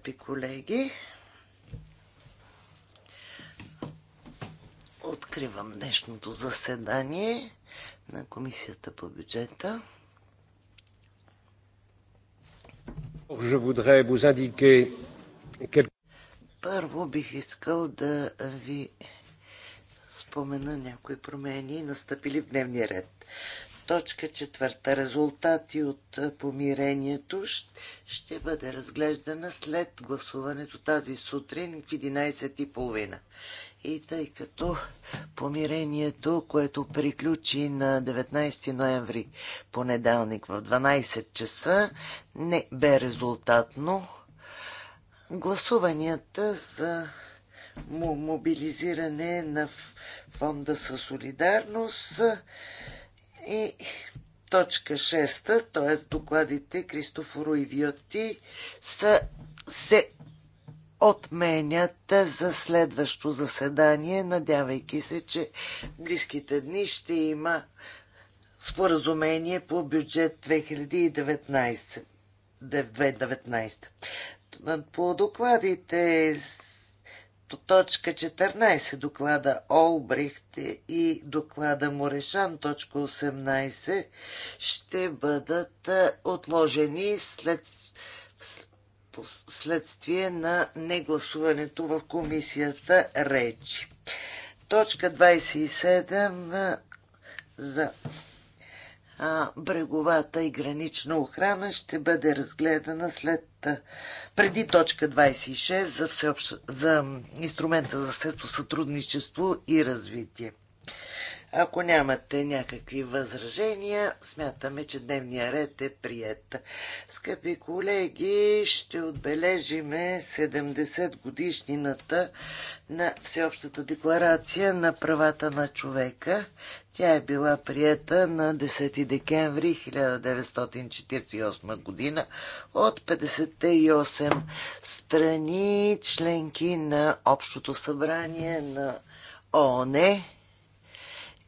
скъпи колеги. Откривам днешното заседание на Комисията по бюджета. Първо бих искал да ви спомена някои промени, настъпили в дневния ред. Точка четвърта. Резултати от помирението ще бъде разглеждана след гласуването тази сутрин в 11.30. И тъй като помирението, което приключи на 19 ноември понеделник в 12 часа, не бе резултатно, гласуванията за мобилизиране на фонда със солидарност и точка 6, т.е. докладите Кристофоро и Виоти са, се отменят за следващо заседание, надявайки се, че близките дни ще има споразумение по бюджет 2019. 2019. По докладите по точка 14 доклада Олбрихт и доклада Морешан, точка 18, ще бъдат е, отложени след, следствие на негласуването в комисията Речи. Точка 27 е, за бреговата и гранична охрана ще бъде разгледана след преди точка 26 за, всеобщ, за инструмента за сето сътрудничество и развитие. Ако нямате някакви възражения, смятаме, че дневния ред е прият. Скъпи колеги, ще отбележиме 70 годишнината на Всеобщата декларация на правата на човека. Тя е била прията на 10 декември 1948 година от 58 страни, членки на Общото събрание на ООН.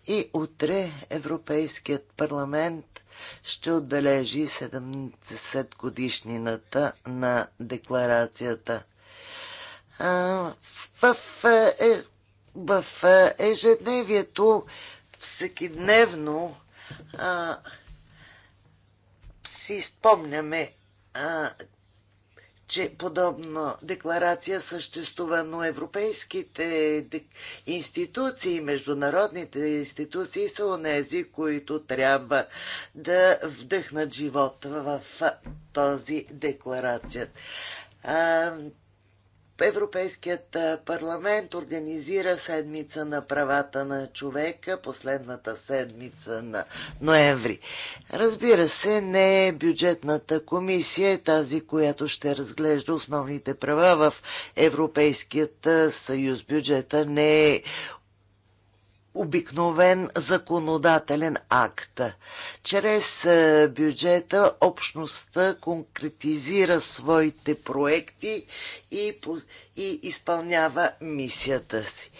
И утре Европейският парламент ще отбележи 70 годишнината на декларацията. А, в, е, в е, ежедневието всекидневно а, си спомняме, а, че подобна декларация съществува, но европейските институции, международните институции са онези, които трябва да вдъхнат живот в този декларация. Европейският парламент организира седмица на правата на човека, последната седмица на ноември. Разбира се, не е бюджетната комисия е тази, която ще разглежда основните права в Европейският съюз. Бюджета не е обикновен законодателен акт. Чрез е, бюджета общността конкретизира своите проекти и, и изпълнява мисията си.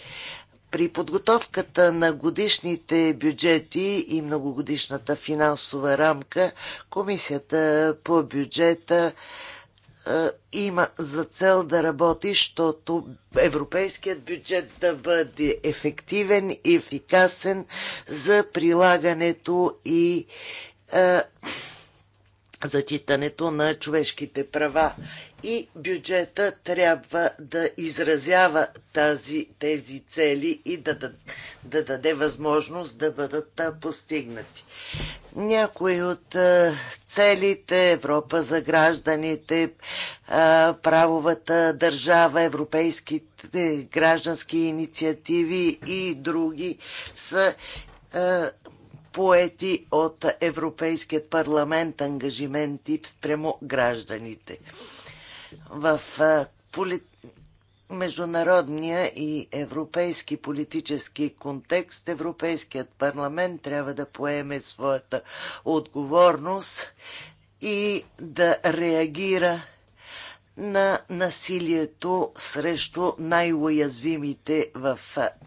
При подготовката на годишните бюджети и многогодишната финансова рамка, Комисията по бюджета е, има за цел да работи, защото европейският бюджет да бъде ефективен и ефикасен за прилагането и е, зачитането на човешките права. И бюджета трябва да изразява тази, тези цели и да, да, да даде възможност да бъдат постигнати. Някои от целите Европа за гражданите, правовата държава, европейските граждански инициативи и други са поети от Европейският парламент ангажименти спрямо гражданите. В поли... международния и европейски политически контекст Европейският парламент трябва да поеме своята отговорност и да реагира на насилието срещу най-уязвимите в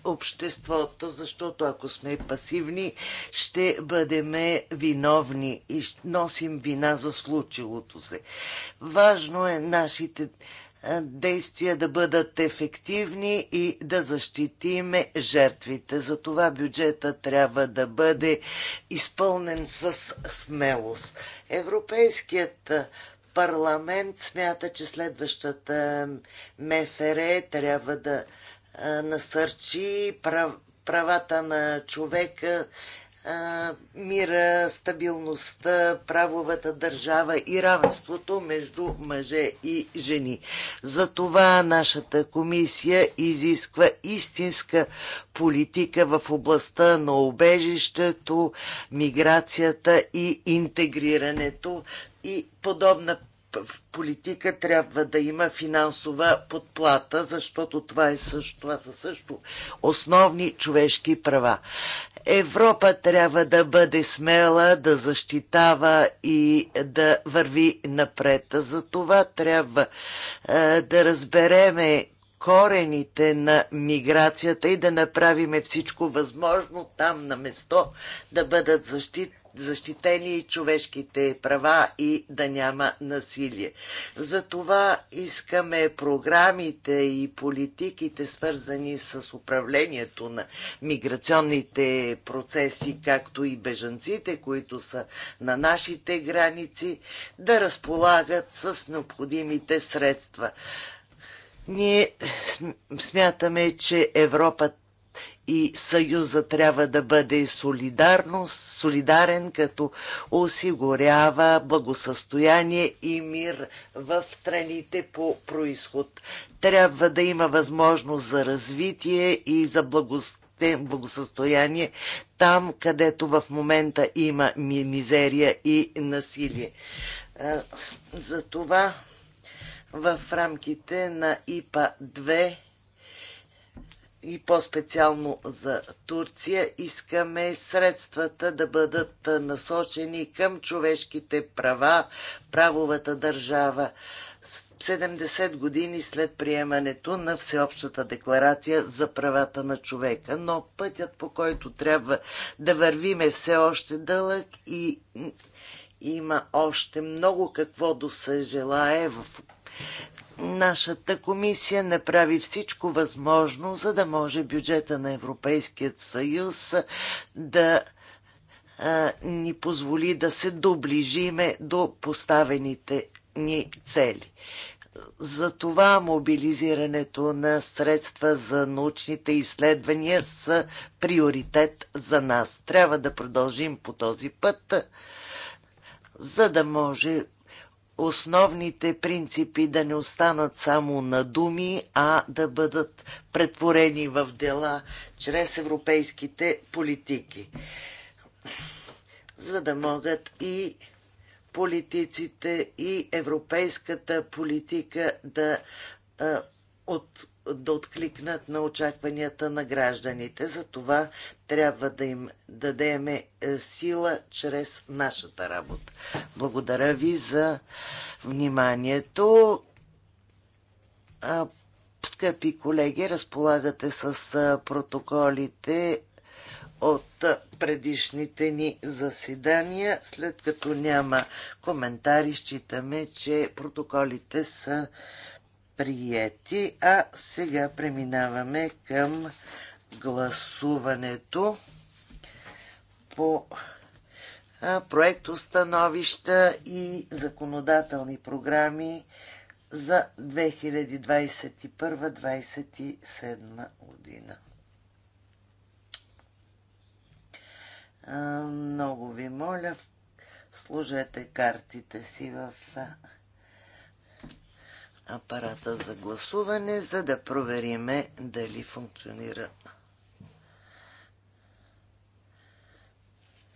обществото, защото ако сме пасивни, ще бъдем виновни и носим вина за случилото се. Важно е нашите действия да бъдат ефективни и да защитиме жертвите. Затова бюджета трябва да бъде изпълнен с смелост. Европейският парламент смята, че следващата МФР трябва да насърчи правата на човека, мира, стабилността, правовата държава и равенството между мъже и жени. Затова нашата комисия изисква истинска политика в областта на обежището, миграцията и интегрирането, и подобна политика трябва да има финансова подплата, защото това, е също, това са също основни човешки права. Европа трябва да бъде смела, да защитава и да върви напред. За това трябва е, да разбереме корените на миграцията и да направиме всичко възможно там на место да бъдат защит, защитени човешките права и да няма насилие. Затова искаме програмите и политиките, свързани с управлението на миграционните процеси, както и бежанците, които са на нашите граници, да разполагат с необходимите средства. Ние смятаме, че Европа и Съюза трябва да бъде солидарно, солидарен, като осигурява благосъстояние и мир в страните по происход. Трябва да има възможност за развитие и за благосъстояние там, където в момента има мизерия и насилие. Затова в рамките на ИПА 2 и по-специално за Турция, искаме средствата да бъдат насочени към човешките права, правовата държава. 70 години след приемането на Всеобщата декларация за правата на човека. Но пътят, по който трябва да вървим е все още дълъг и има още много какво да се желае в Нашата комисия направи всичко възможно, за да може бюджета на Европейският съюз да а, ни позволи да се доближиме до поставените ни цели. Затова мобилизирането на средства за научните изследвания са приоритет за нас. Трябва да продължим по този път, за да може основните принципи да не останат само на думи, а да бъдат претворени в дела чрез европейските политики. За да могат и политиците, и европейската политика да от да откликнат на очакванията на гражданите. За това трябва да им дадеме е, сила чрез нашата работа. Благодаря ви за вниманието. Скъпи колеги, разполагате с е, протоколите от предишните ни заседания. След като няма коментари, считаме, че протоколите са приети. А сега преминаваме към гласуването по проектостановища и законодателни програми за 2021-2027 година. Много ви моля, сложете картите си в апарата за гласуване, за да провериме дали функционира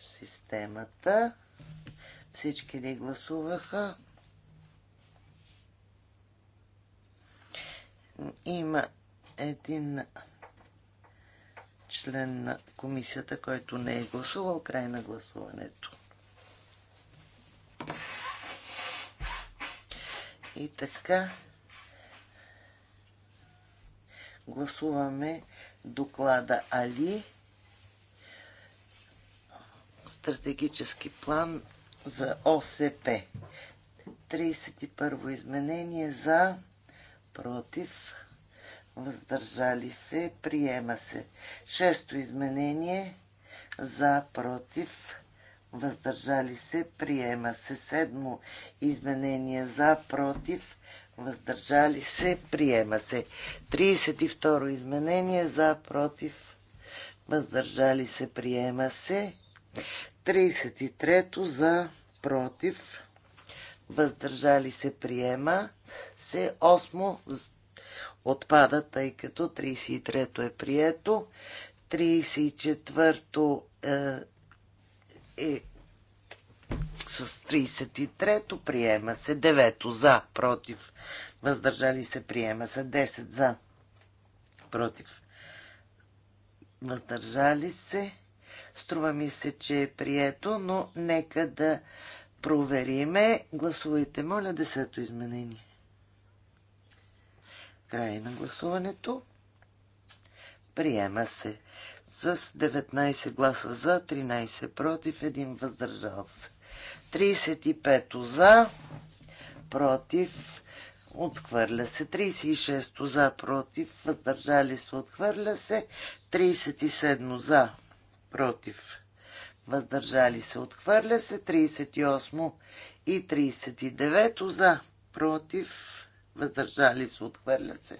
системата. Всички ли гласуваха? Има един член на комисията, който не е гласувал край на гласуването. И така гласуваме доклада Али стратегически план за ОСП. 31 во изменение за против въздържали се, приема се. Шесто изменение за против въздържали се, приема се. Седмо изменение за, против, въздържали се, приема се. 32 изменение за, против, въздържали се, приема се. 33 за, против, въздържали се, приема се. 8 отпада, тъй като 33-то е прието. 34-то е, е с 33-то приема се 9-то за, против, въздържали се приема се 10 за, против, въздържали се. Струва ми се, че е прието, но нека да провериме. Гласувайте, моля, 10-то изменение. Край на гласуването. Приема се с 19 гласа за, 13 против, 1 въздържал се. 35 за, против, отхвърля се. 36 за, против, въздържали се, отхвърля се. 37 за, против, въздържали се, отхвърля се. 38 и 39 за, против, въздържали се, отхвърля се.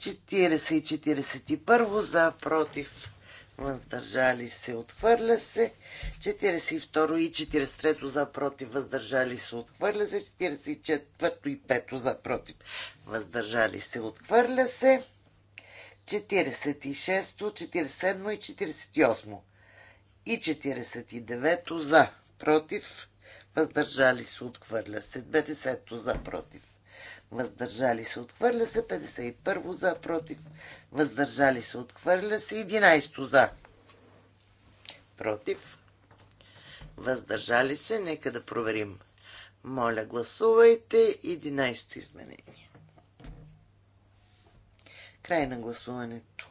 40 и 41 за, против, въздържали се, отхвърля се. 42 и 43 за против, въздържали се, отхвърля се. 44 и 5 за против, въздържали се, отхвърля се. 46, 47 и 48 и 49 за против, въздържали се, отхвърля се. 50 за против, въздържали се, отхвърля се. 51 за против, въздържали се, отхвърля се. 11 за, против, въздържали се. Нека да проверим. Моля, гласувайте 11 изменение. Край на гласуването.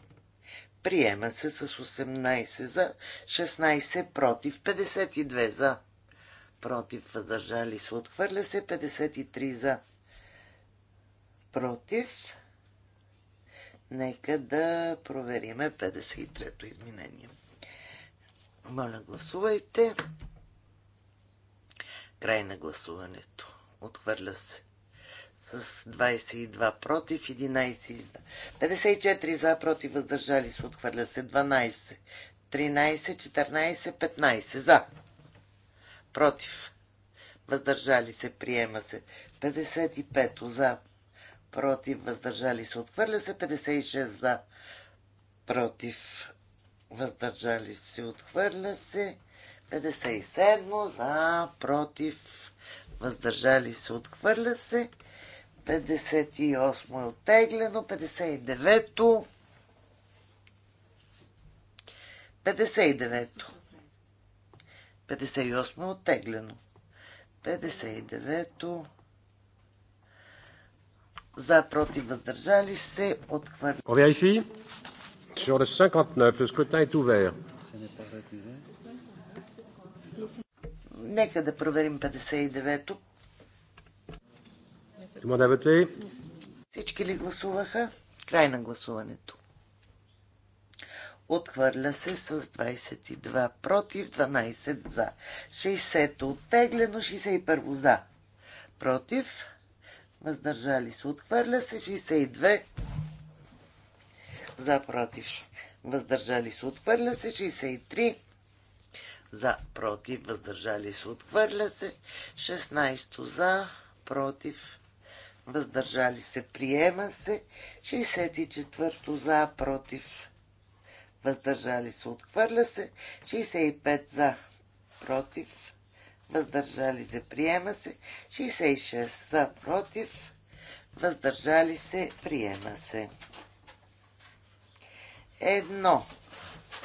Приема се с 18 за, 16 против, 52 за. Против, въздържали се, отхвърля се, 53 за. Против, Нека да провериме 53-то изменение. Моля, гласувайте. Край на гласуването. Отхвърля се. С 22 против, 11 54 за, против, въздържали се. Отхвърля се 12. 13, 14, 15 за. Против. Въздържали се. Приема се. 55 за против, въздържали се, отхвърля се. 56 за, против, въздържали се, отхвърля се. 57 за, против, въздържали се, отхвърля се. 58 е оттеглено, 59-то. 59-то. 58 е оттеглено. 59-то за против въздържали се отхвърля. On sur le 59, le scrutin est ouvert. Нека да проверим 59-то. Всички ли гласуваха? Край на гласуването. Отхвърля се с 22 против, 12 за. 60 е оттеглено, 61 за. Против въздържали се, отхвърля се 62 за против, въздържали се, отхвърля се 63 за против, въздържали се, отхвърля се 16 за против, въздържали се, приема се 64 за против, въздържали се, отхвърля се 65 за против, въздържали се, приема се. 66 за, против, въздържали се, приема се. Едно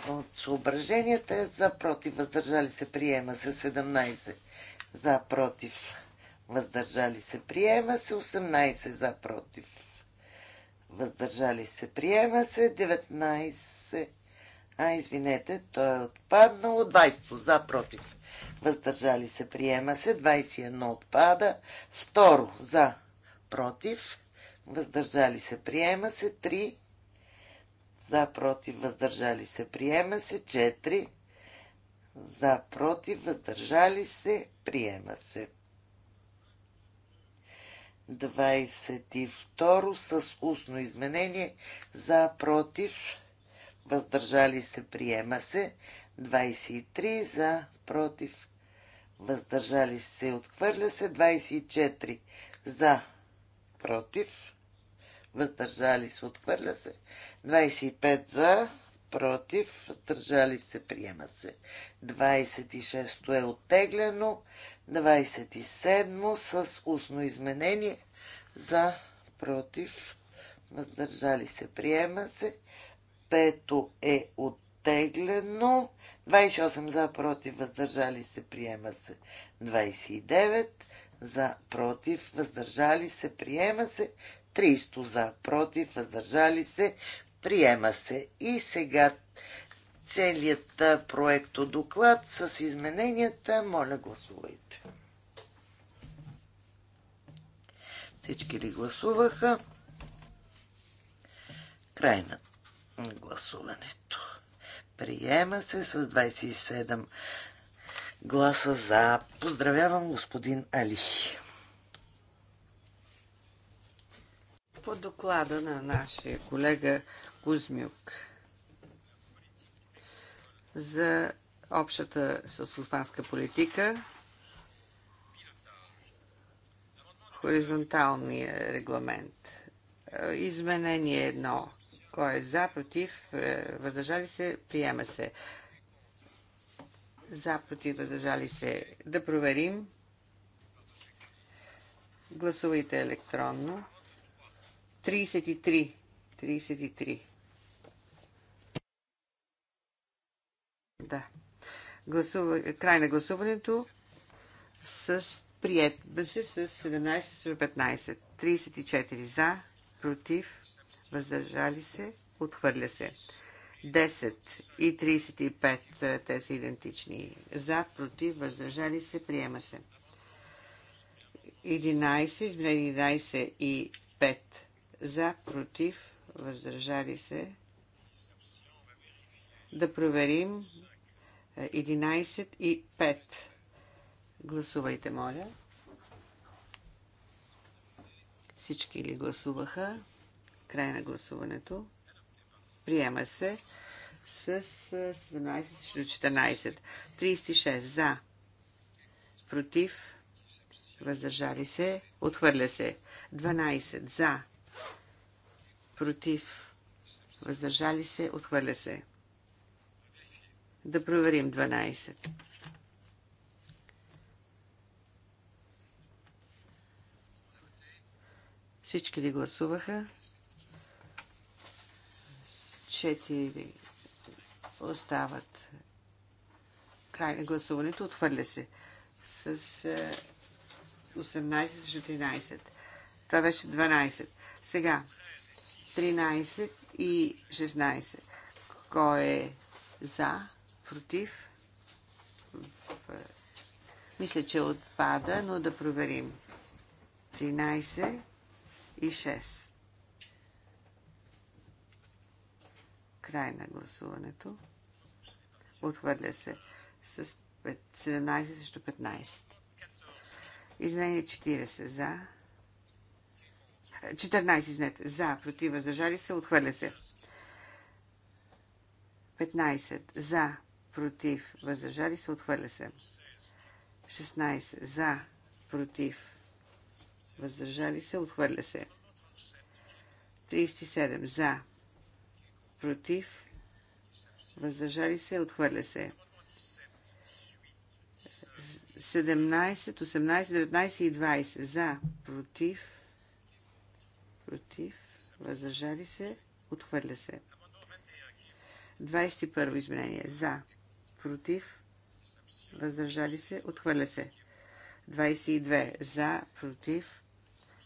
от съображенията е за, против, въздържали се, приема се. 17 за, против, въздържали се, приема се. 18 за, против, въздържали се, приема се. 19 а, извинете, той е отпаднал. 20 за, против, въздържали се, приема се. 21 отпада. Второ за, против, въздържали се, приема се. 3 за, против, въздържали се, приема се. 4 за, против, въздържали се, приема се. 22 с устно изменение за, против, въздържали се, приема се. 23 за, против, въздържали се, отхвърля се. 24 за, против, въздържали се, отхвърля се. 25 за, против, въздържали се, приема се. 26 е оттеглено. 27 с устно изменение за, против, въздържали се, приема се. Пето е от оттеглено. 28 за, против, въздържали се, приема се. 29 за, против, въздържали се, приема се. 300 за, против, въздържали се, приема се. И сега целият проекто доклад с измененията. Моля, гласувайте. Всички ли гласуваха? Край на гласуването. Приема се с 27 гласа за. Поздравявам господин Али. По доклада на нашия колега Кузмюк за общата съсултанска политика, хоризонталния регламент. Изменение едно кой е за, против, е, въздържали се, приема се. За, против, въздържали се. Да проверим. Гласувайте електронно. 33. 33. Да. Гласува... Край на гласуването с прият. беше с 17 15. 34 за, против, въздържали се, отхвърля се. 10 и 35, е, те са идентични. За, против, въздържали се, приема се. 11, изменени 11 и 5. За, против, въздържали се. Да проверим 11 и 5. Гласувайте, моля. Всички ли гласуваха? Край на гласуването. Приема се с 17 14. 36 за. Против. Въздържали се. Отхвърля се. 12 за. Против. Въздържали се. Отхвърля се. Да проверим 12. Всички ли гласуваха? четири остават. Край на гласуването отхвърля се с 18 с 14. Това беше 12. Сега 13 и 16. Кой е за, против? Мисля, че отпада, но да проверим. 13 и 6. Край на гласуването. Отхвърля се с 17 срещу 15. Изменение 40 за. 14, изнете. За, против, въздържали се. Отхвърля се. 15. За, против, въздържали се. Отхвърля се. 16. За, против, въздържали се. Отхвърля се. 37. За, против, въздържали се, отхвърля се. 17, 18, 19 и 20 за, против, против, въздържали се, отхвърля се. 21 изменение за, против, въздържали се, отхвърля се. 22 за, против,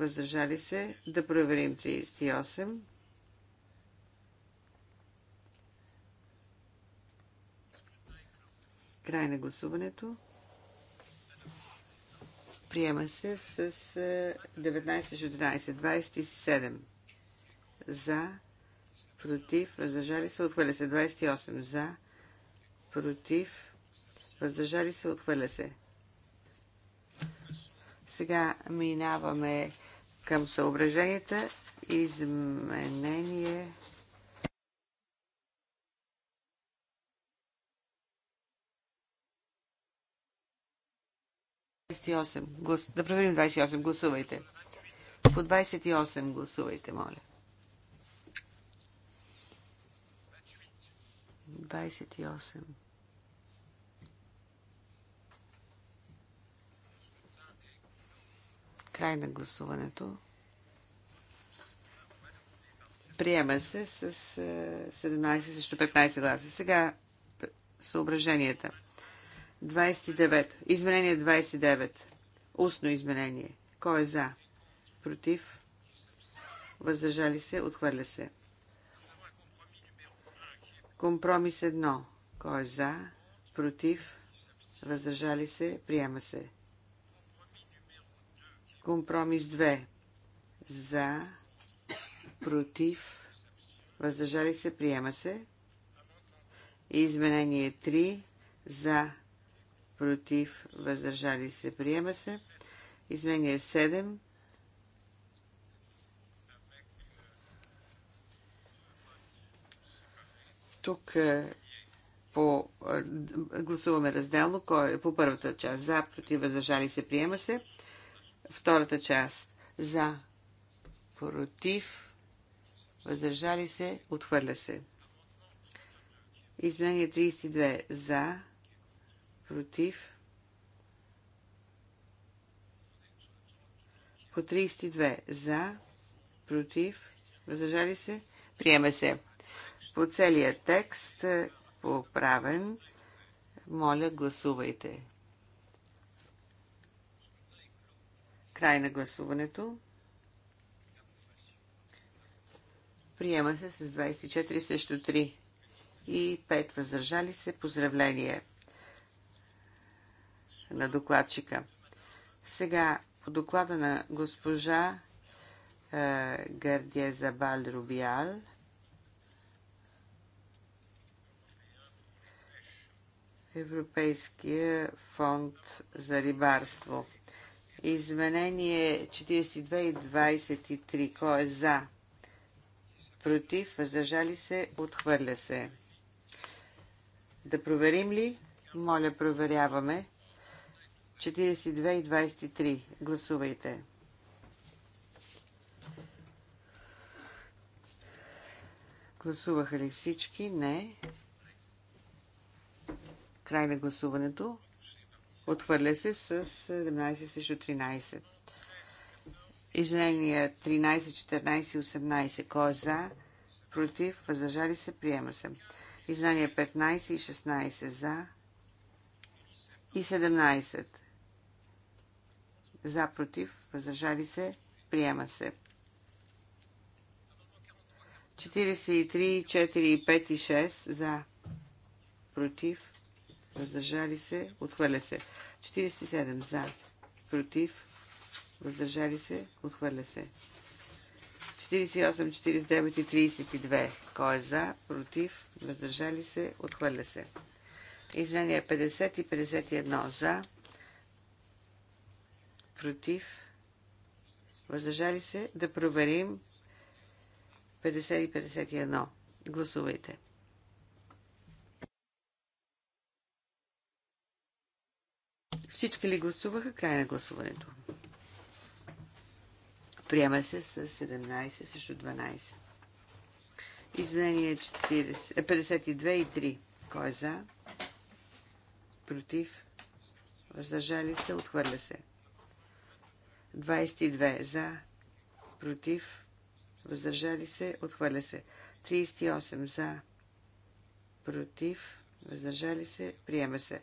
въздържали се, да проверим 38. Край на гласуването. Приема се с 19 16 27 за, против, въздържали се, отхвърля се. 28 за, против, въздържали се, отхвърля се. Сега минаваме към съображенията. Изменение Глас... Да проверим 28. Гласувайте. По 28 гласувайте, моля. 28. Край на гласуването. Приема се с 17 е, срещу 15 гласа. Сега съображенията. 29. Изменение 29. Устно изменение. Кой е за? Против? Въздържали се? Отхвърля се. Компромис 1. Кой е за? Против? Въздържали се? Приема се. Компромис 2. За, против, въздържали се, приема се. Изменение 3. За, против, въздържали се, приема се. Изменение 7. Тук е, по, е, гласуваме разделно кой, е по първата част. За, против, въздържали се, приема се. Втората част. За. Против. Въздържали се. Отхвърля се. Изменение 32. За. Против. По 32. За. Против. Въздържали се. Приема се. По целия текст, е, поправен, моля, гласувайте. Край на гласуването. Приема се с 24 също 3 и 5 въздържали се. Поздравление на докладчика. Сега по доклада на госпожа е, Гардия Забал Рубиал Европейския фонд за рибарство. Изменение 42 и 23. Кой е за? Против, въздържали се, отхвърля се. Да проверим ли? Моля, проверяваме. 42 и 23. Гласувайте. Гласуваха ли всички? Не. Край на гласуването. Отхвърля се с 17 срещу 13. Изменения 13, 14 и 18. Кой е за? Против? Въздържали се? Приема се. Изменения 15 и 16. За? И 17. За? Против? Въздържали се? Приема се. 43, 4, 5 и 6. За? Против? въздържали се, отхвърля се. 47 за, против, въздържали се, отхвърля се. 48, 49 и 32. Кой е за, против, въздържали се, отхвърля се. Извиня, 50 и 51 за, против, въздържали се, да проверим 50 и 51. Гласувайте. Всички ли гласуваха? Край на гласуването. Приема се с 17 също 12. Изменение 40, 52 е, и 3. Кой е за? Против? Въздържали се? Отхвърля се. 22 за. Против? Въздържали се? Отхвърля се. 38 за. Против? Въздържали се? Приема се.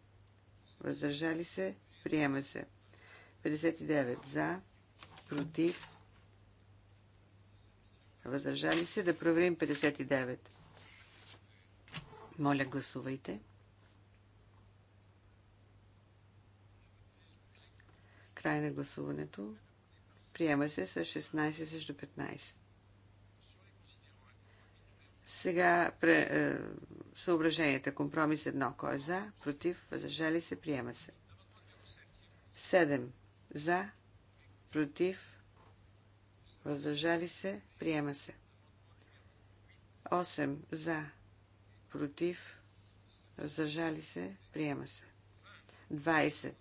въздържали се, приема се. 59 за, против, въздържали се, да проверим 59. Моля, гласувайте. Край на гласуването. Приема се с 16 срещу 15. Сега пре, е, съображенията. Компромис едно. Кой е за? Против? Въздържали се? Приема се. 7. За? Против? Въздържали се? Приема се. 8. За? Против? Въздържали се? Приема се. 20.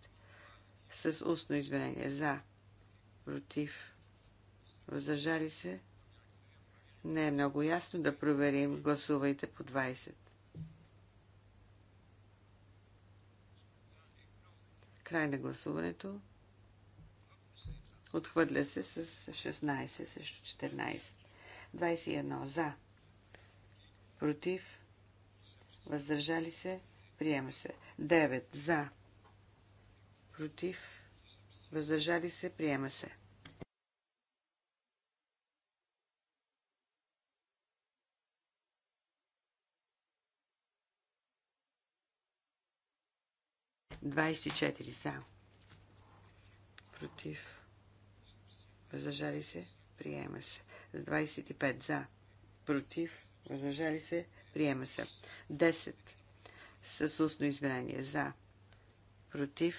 С устно изменение. За? Против? Въздържали се? Не е много ясно да проверим. Гласувайте по 20. Край на гласуването. Отхвърля се с 16 срещу 14. 21 за. Против. Въздържали се. Приема се. 9 за. Против. Въздържали се. Приема се. 24 за. Против. Въздържали се. Приема се. 25 за. Против. Въздържали се. Приема се. 10 с устно избрание. За. Против.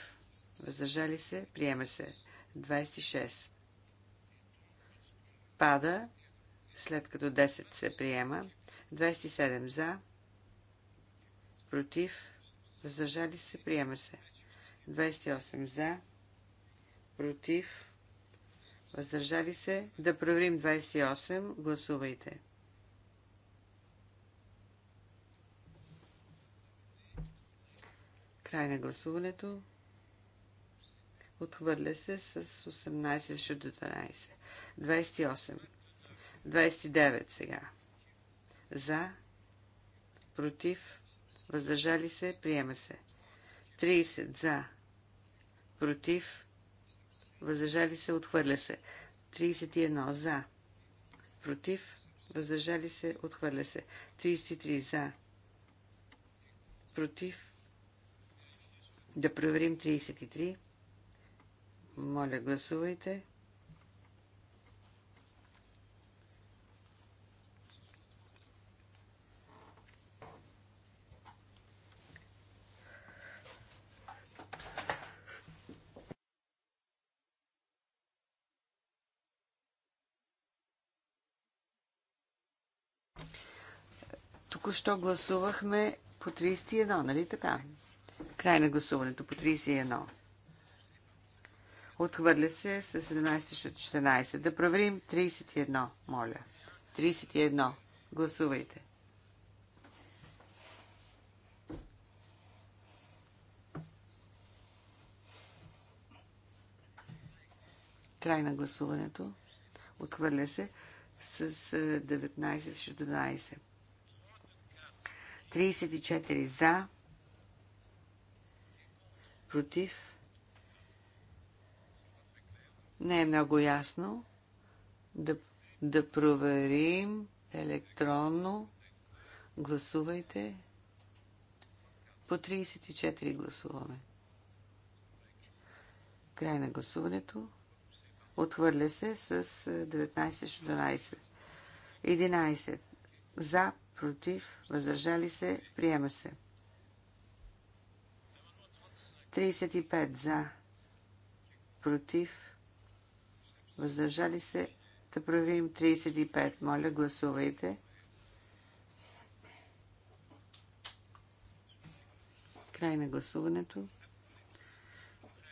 Въздържали се. Приема се. 26. Пада, след като 10 се приема. 27 за. Против въздържали се, приема се. 28 за, против, въздържали се. Да проверим 28, гласувайте. Край на гласуването. Отхвърля се с 18 до 12. 28. 29 сега. За, против, въздържали се, приема се. 30 за, против, въздържали се, отхвърля се. 31 за, против, въздържали се, отхвърля се. 33 за, против. Да проверим 33. Моля, гласувайте. Току-що гласувахме по 31, нали така? Край на гласуването по 31. Отхвърля се с 17-14. Да проверим 31, моля. 31. Гласувайте. Край на гласуването. Отхвърля се с 19-14. Е, 34 за, против. Не е много ясно. Да, да проверим електронно. Гласувайте. По 34 гласуваме. Край на гласуването. Отхвърля се с 19 16. 11. За, против, въздържали се, приема се. 35 за, против, въздържали се, да проверим 35. Моля, гласувайте. Край на гласуването.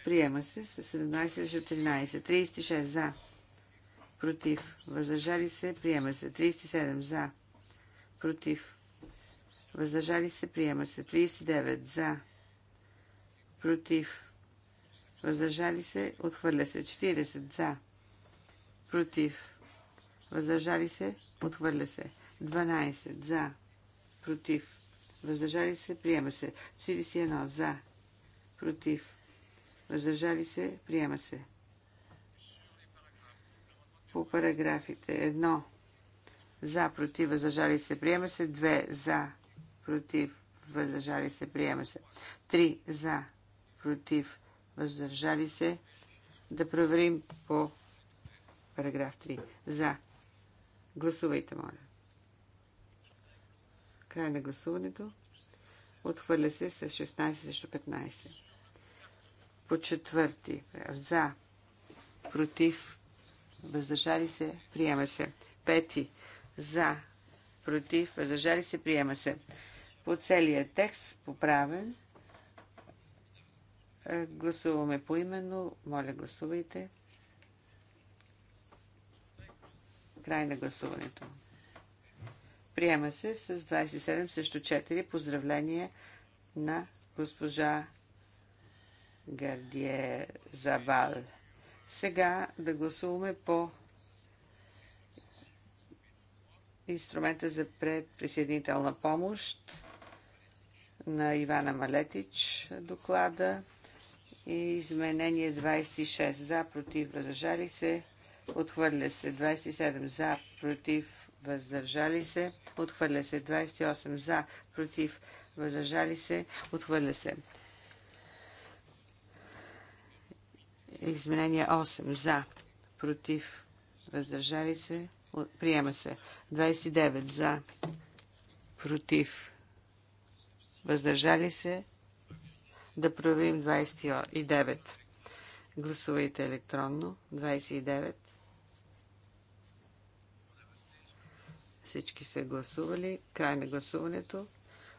Приема се с 17 за 13. 36 за. Против. Въздържали се. Приема се. 37 за против, въздържали се, приема се. 39 за, против, въздържали се, отхвърля се. 40 за, против, въздържали се, отхвърля се. 12 за, против, въздържали се, приема се. 41 за, против, въздържали се, приема се. По параграфите 1 за, против, въздържали се, приема се. 2 за, против, въздържали се, приема се. Три за, против, въздържали се. Да проверим по параграф 3. За. Гласувайте, моля. Край на гласуването. Отхвърля се с 16 срещу 15. По четвърти. За. Против. Въздържали се. Приема се. Пети за, против, въздържали се, приема се. По целия текст, поправен, е, гласуваме поименно. Моля, гласувайте. Край на гласуването. Приема се с 27 също 4. Поздравление на госпожа Гардие Забал. Сега да гласуваме по инструмента за предприсъединителна помощ на Ивана Малетич доклада и изменение 26 за, против, въздържали се, отхвърля се 27 за, против, въздържали се, отхвърля се 28 за, против, въздържали се, отхвърля се. Изменение 8 за, против, въздържали се, Приема се. 29 за. Против. Въздържали се. Да проверим 29. Гласувайте електронно. 29. Всички са гласували. Край на гласуването.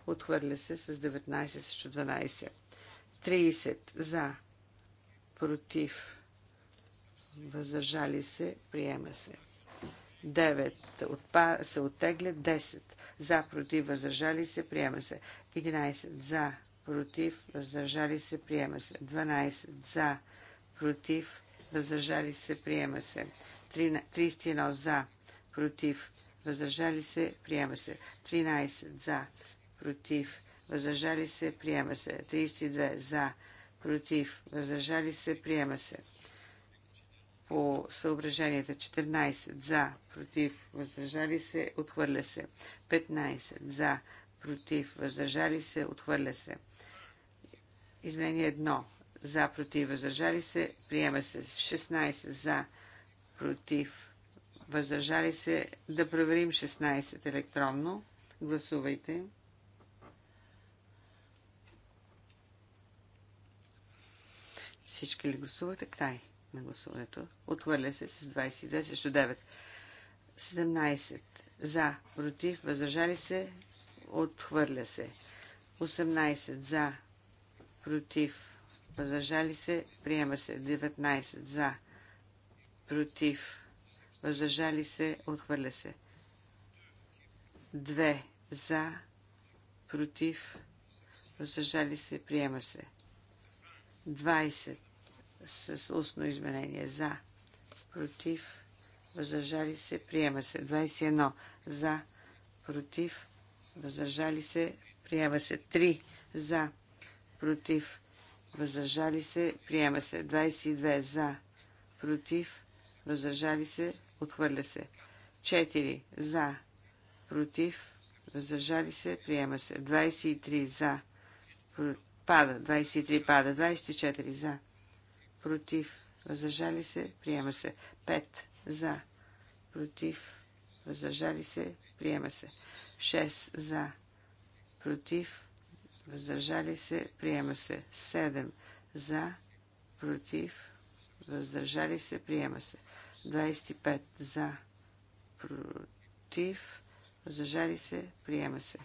Отхвърля се с 19 срещу 12. 30 за. Против. Въздържали се. Приема се. 9 отпа, се оттеглят, 10 за, против, въздържали се, приема се. 11 за, против, въздържали се, приема се. 12 за, против, въздържали се, приема се. 31 за, против, въздържали се, приема се. 13 за, против, въздържали се, приема се. 32 за, против, въздържали се, приема се по съображенията 14 за, против, въздържали се, отхвърля се. 15 за, против, въздържали се, отхвърля се. Изменение 1 за, против, въздържали се, приема се. 16 за, против, въздържали се. Да проверим 16 електронно. Гласувайте. Всички ли гласувате? Край на гласуването. Отхвърля се с 22 срещу 9. 17 за, против, въздържали се, отхвърля се. 18 за, против, въздържали се, приема се. 19 за, против, въздържали се, отхвърля се. 2 за, против, въздържали се, приема се. 20 с устно изменение. За. Против. Въздържали се. Приема се. 21. За. Против. Въздържали се. Приема се. 3. За. Против. Въздържали се. Приема се. 22. За. Против. Въздържали се. Отхвърля се. 4. За. Против. Въздържали се. Приема се. 23. За. Пада. 23. Пада. 24. За против, въздържали се, приема се. 5 за, против, въздържали се, приема се. 6 за, против, въздържали се, приема се. 7 за, против, въздържали се, приема се. 25 за, против, въздържали се, приема се.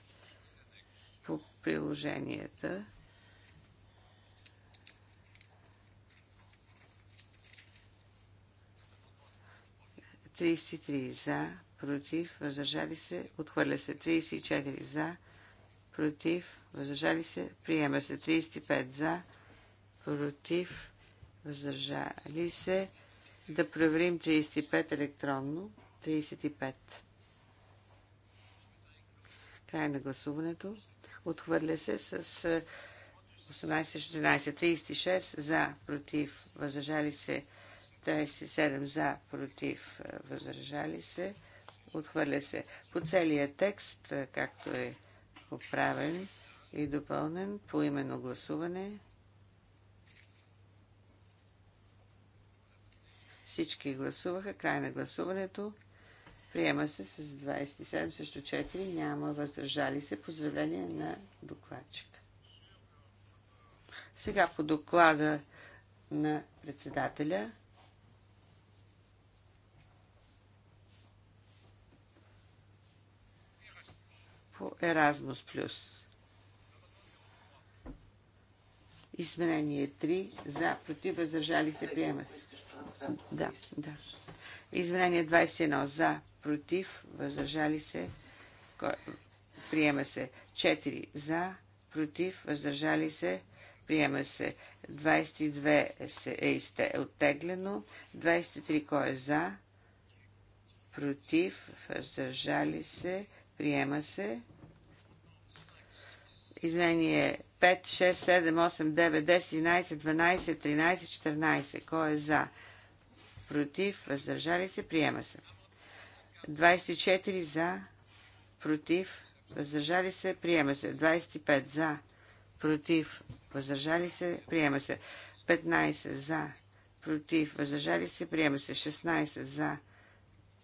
По приложенията 33 за, против, въздържали се, отхвърля се 34 за, против, въздържали се, приема се 35 за, против, въздържали се. Да проверим 35 електронно. 35. Край на гласуването. Отхвърля се с 18 16 36 за, против, въздържали се 27 за, против, е, въздържали се, отхвърля се. По целия текст, е, както е поправен и допълнен, по именно гласуване. Всички гласуваха. Край на гласуването. Приема се с 27 също 4. Няма въздържали се. Поздравление на докладчик. Сега по доклада на председателя. по Erasmus+. Изменение 3 за против въздържали се приема се. Да, да. Изменение 21 за против въздържали се приема се. 4 за против въздържали се приема се. 22 е оттеглено. 23 кой е за против въздържали се Приема се. Изменение 5, 6, 7, 8, 9, 10, 11, 12, 13, 14. Кой е за? Против. Въздържали се. Приема се. 24 за. Против. Въздържали се. Приема се. 25 за. Против. Въздържали се. Приема се. 15 за. Против. Въздържали се. Приема се. 16 за.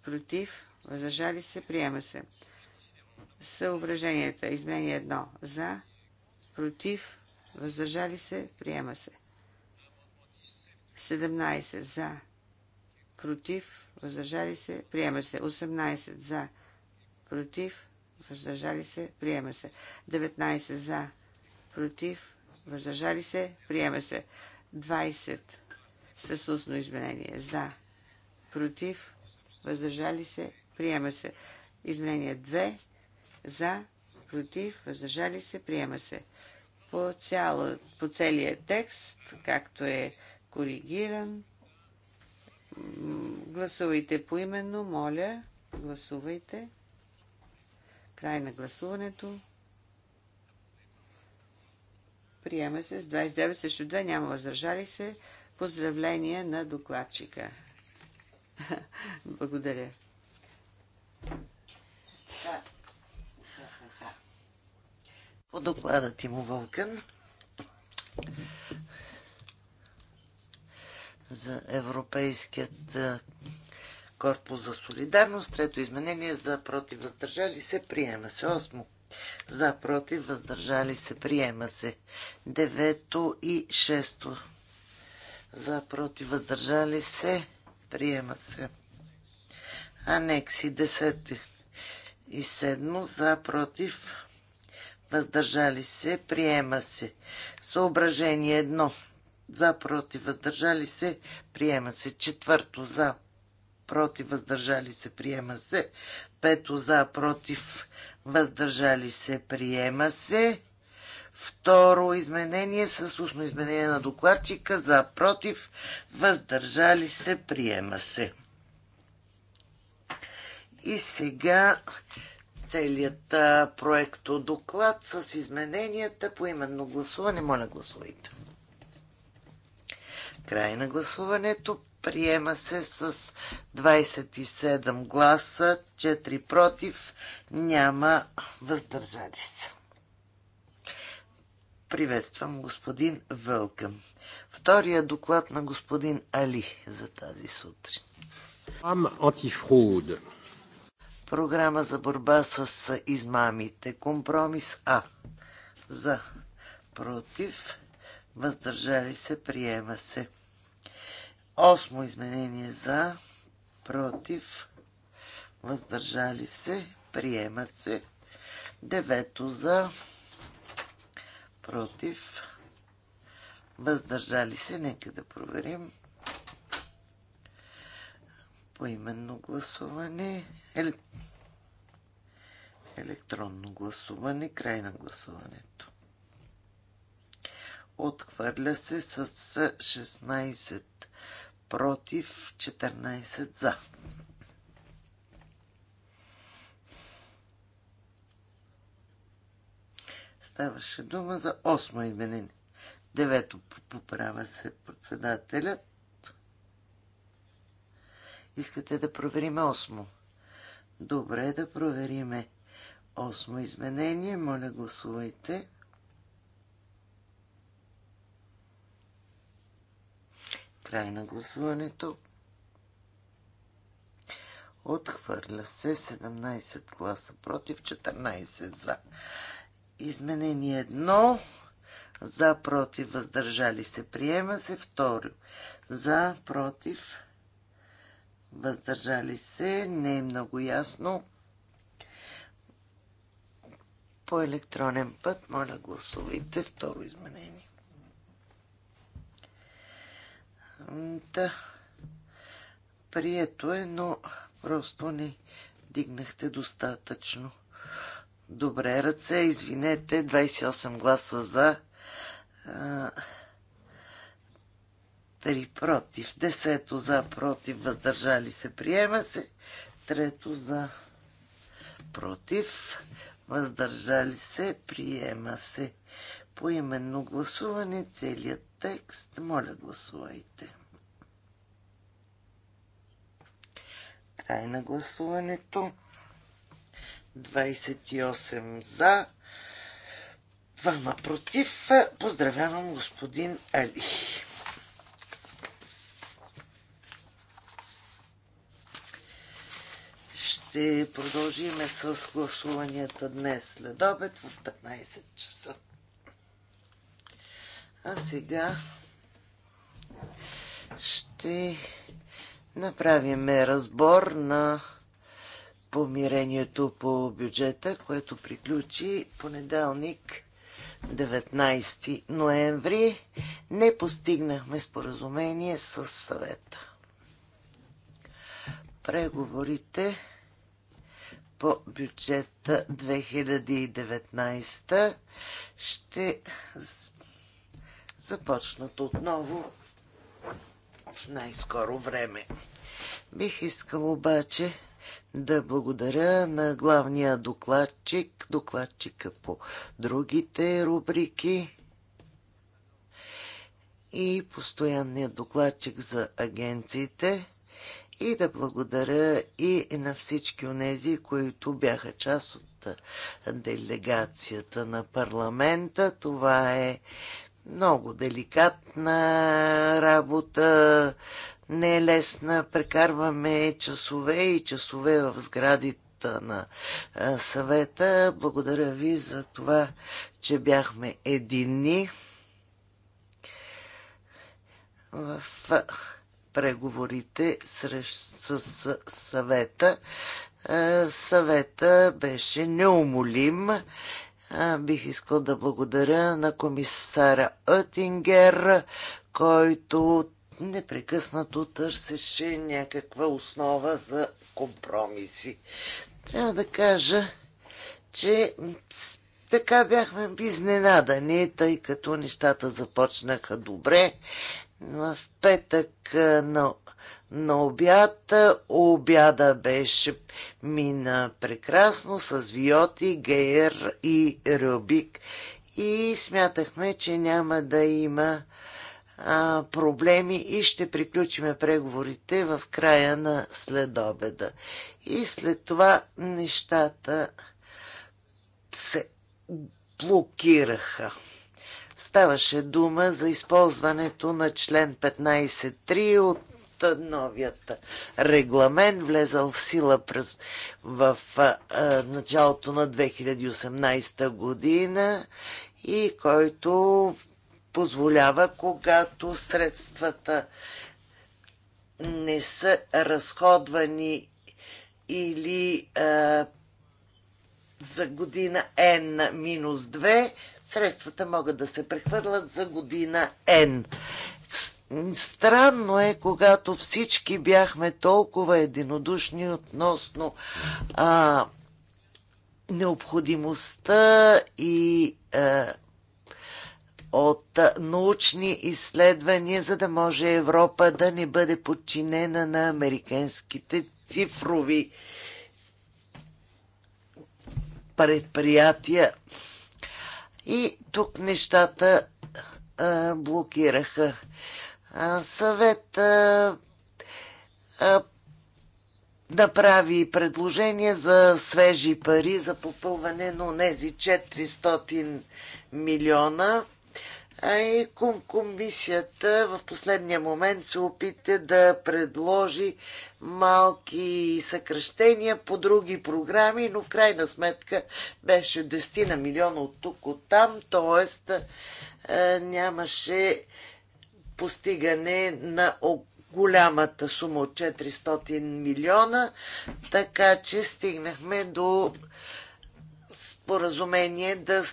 Против. Въздържали се. Приема се. Съображенията. Изменение едно. За, против, въздържали се, приема се. 17 за, против, въздържали се, приема се. 18 за, против, въздържали се, приема се. 19 за, против, въздържали се, приема се. 20 с устно изменение. За, против, въздържали се, приема се. Изменение 2 за, против, въздържали се, приема се. По, цяло, по целия текст, както е коригиран, гласувайте поименно, моля, гласувайте. Край на гласуването. Приема се с 29 също 2, няма въздържали се. Поздравления на докладчика. Благодаря. По доклада му, Вълкън за Европейският корпус за солидарност. Трето изменение за против въздържали се приема се. Осмо за против въздържали се приема се. Девето и шесто за против въздържали се приема се. Анекси десети и седмо. за против въздържали се, приема се. Съображение едно. За, против, въздържали се, приема се. Четвърто, за, против, въздържали се, приема се. Пето, за, против, въздържали се, приема се. Второ изменение с устно изменение на докладчика за против, въздържали се, приема се. И сега целият проекто доклад с измененията по именно гласуване. Моля, гласувайте. Край на гласуването. Приема се с 27 гласа, 4 против, няма въздържали се. Приветствам господин Вълкъм. Втория доклад на господин Али за тази сутрин. Ам антифрауд Програма за борба с измамите. Компромис А. За. Против. Въздържали се. Приема се. Осмо изменение за. Против. Въздържали се. Приема се. Девето за. Против. Въздържали се. Нека да проверим поименно гласуване, електронно гласуване, край на гласуването. Отхвърля се с 16 против, 14 за. Ставаше дума за 8 именение. Девето поправя се председателят. Искате да проверим осмо. Добре, да провериме осмо изменение. Моля, гласувайте. Край на гласуването. Отхвърля се 17 гласа против, 14 за. Изменение едно. За, против, въздържали се. Приема се второ. За, против, въздържали се, не е много ясно. По електронен път, моля гласувайте второ изменение. Да, прието е, но просто не дигнахте достатъчно. Добре, ръце, извинете, 28 гласа за. 3 против, 10 за против, въздържали се, приема се. Трето за против, въздържали се, приема се. По именно гласуване целият текст. Моля, гласувайте. Край на гласуването. 28 за, Вама против. Поздравявам господин Али. ще продължиме с гласуванията днес след обед в 15 часа. А сега ще направим разбор на помирението по бюджета, което приключи понеделник 19 ноември. Не постигнахме споразумение с съвета. Преговорите по бюджета 2019 ще започнат отново в най-скоро време. Бих искал обаче да благодаря на главния докладчик, докладчика по другите рубрики и постоянния докладчик за агенциите – и да благодаря и на всички онези, които бяха част от делегацията на парламента. Това е много деликатна работа, не е лесна. Прекарваме часове и часове в сградите на съвета. Благодаря ви за това, че бяхме единни в преговорите с, с, с съвета. Е, съвета беше неумолим. Е, бих искал да благодаря на комисара Оттингер, който непрекъснато търсеше някаква основа за компромиси. Трябва да кажа, че така бяхме изненадани, тъй като нещата започнаха добре в петък на, на обяд. Обяда беше мина прекрасно с Виоти, Гейер и Рубик. И смятахме, че няма да има а, проблеми и ще приключиме преговорите в края на следобеда. И след това нещата се блокираха. Ставаше дума за използването на член 15.3 от новият регламент, влезал в сила през, в а, началото на 2018 година и който позволява, когато средствата не са разходвани или а, за година N-2 средствата могат да се прехвърлят за година Н. Странно е, когато всички бяхме толкова единодушни относно а, необходимостта и а, от научни изследвания, за да може Европа да не бъде подчинена на американските цифрови предприятия. И тук нещата а, блокираха. А, съвет а, а, направи предложение за свежи пари за попълване на тези 400 милиона а и комисията в последния момент се опита да предложи малки съкръщения по други програми, но в крайна сметка беше 10 на милиона от тук, от там, т.е. нямаше постигане на голямата сума от 400 милиона, така че стигнахме до споразумение да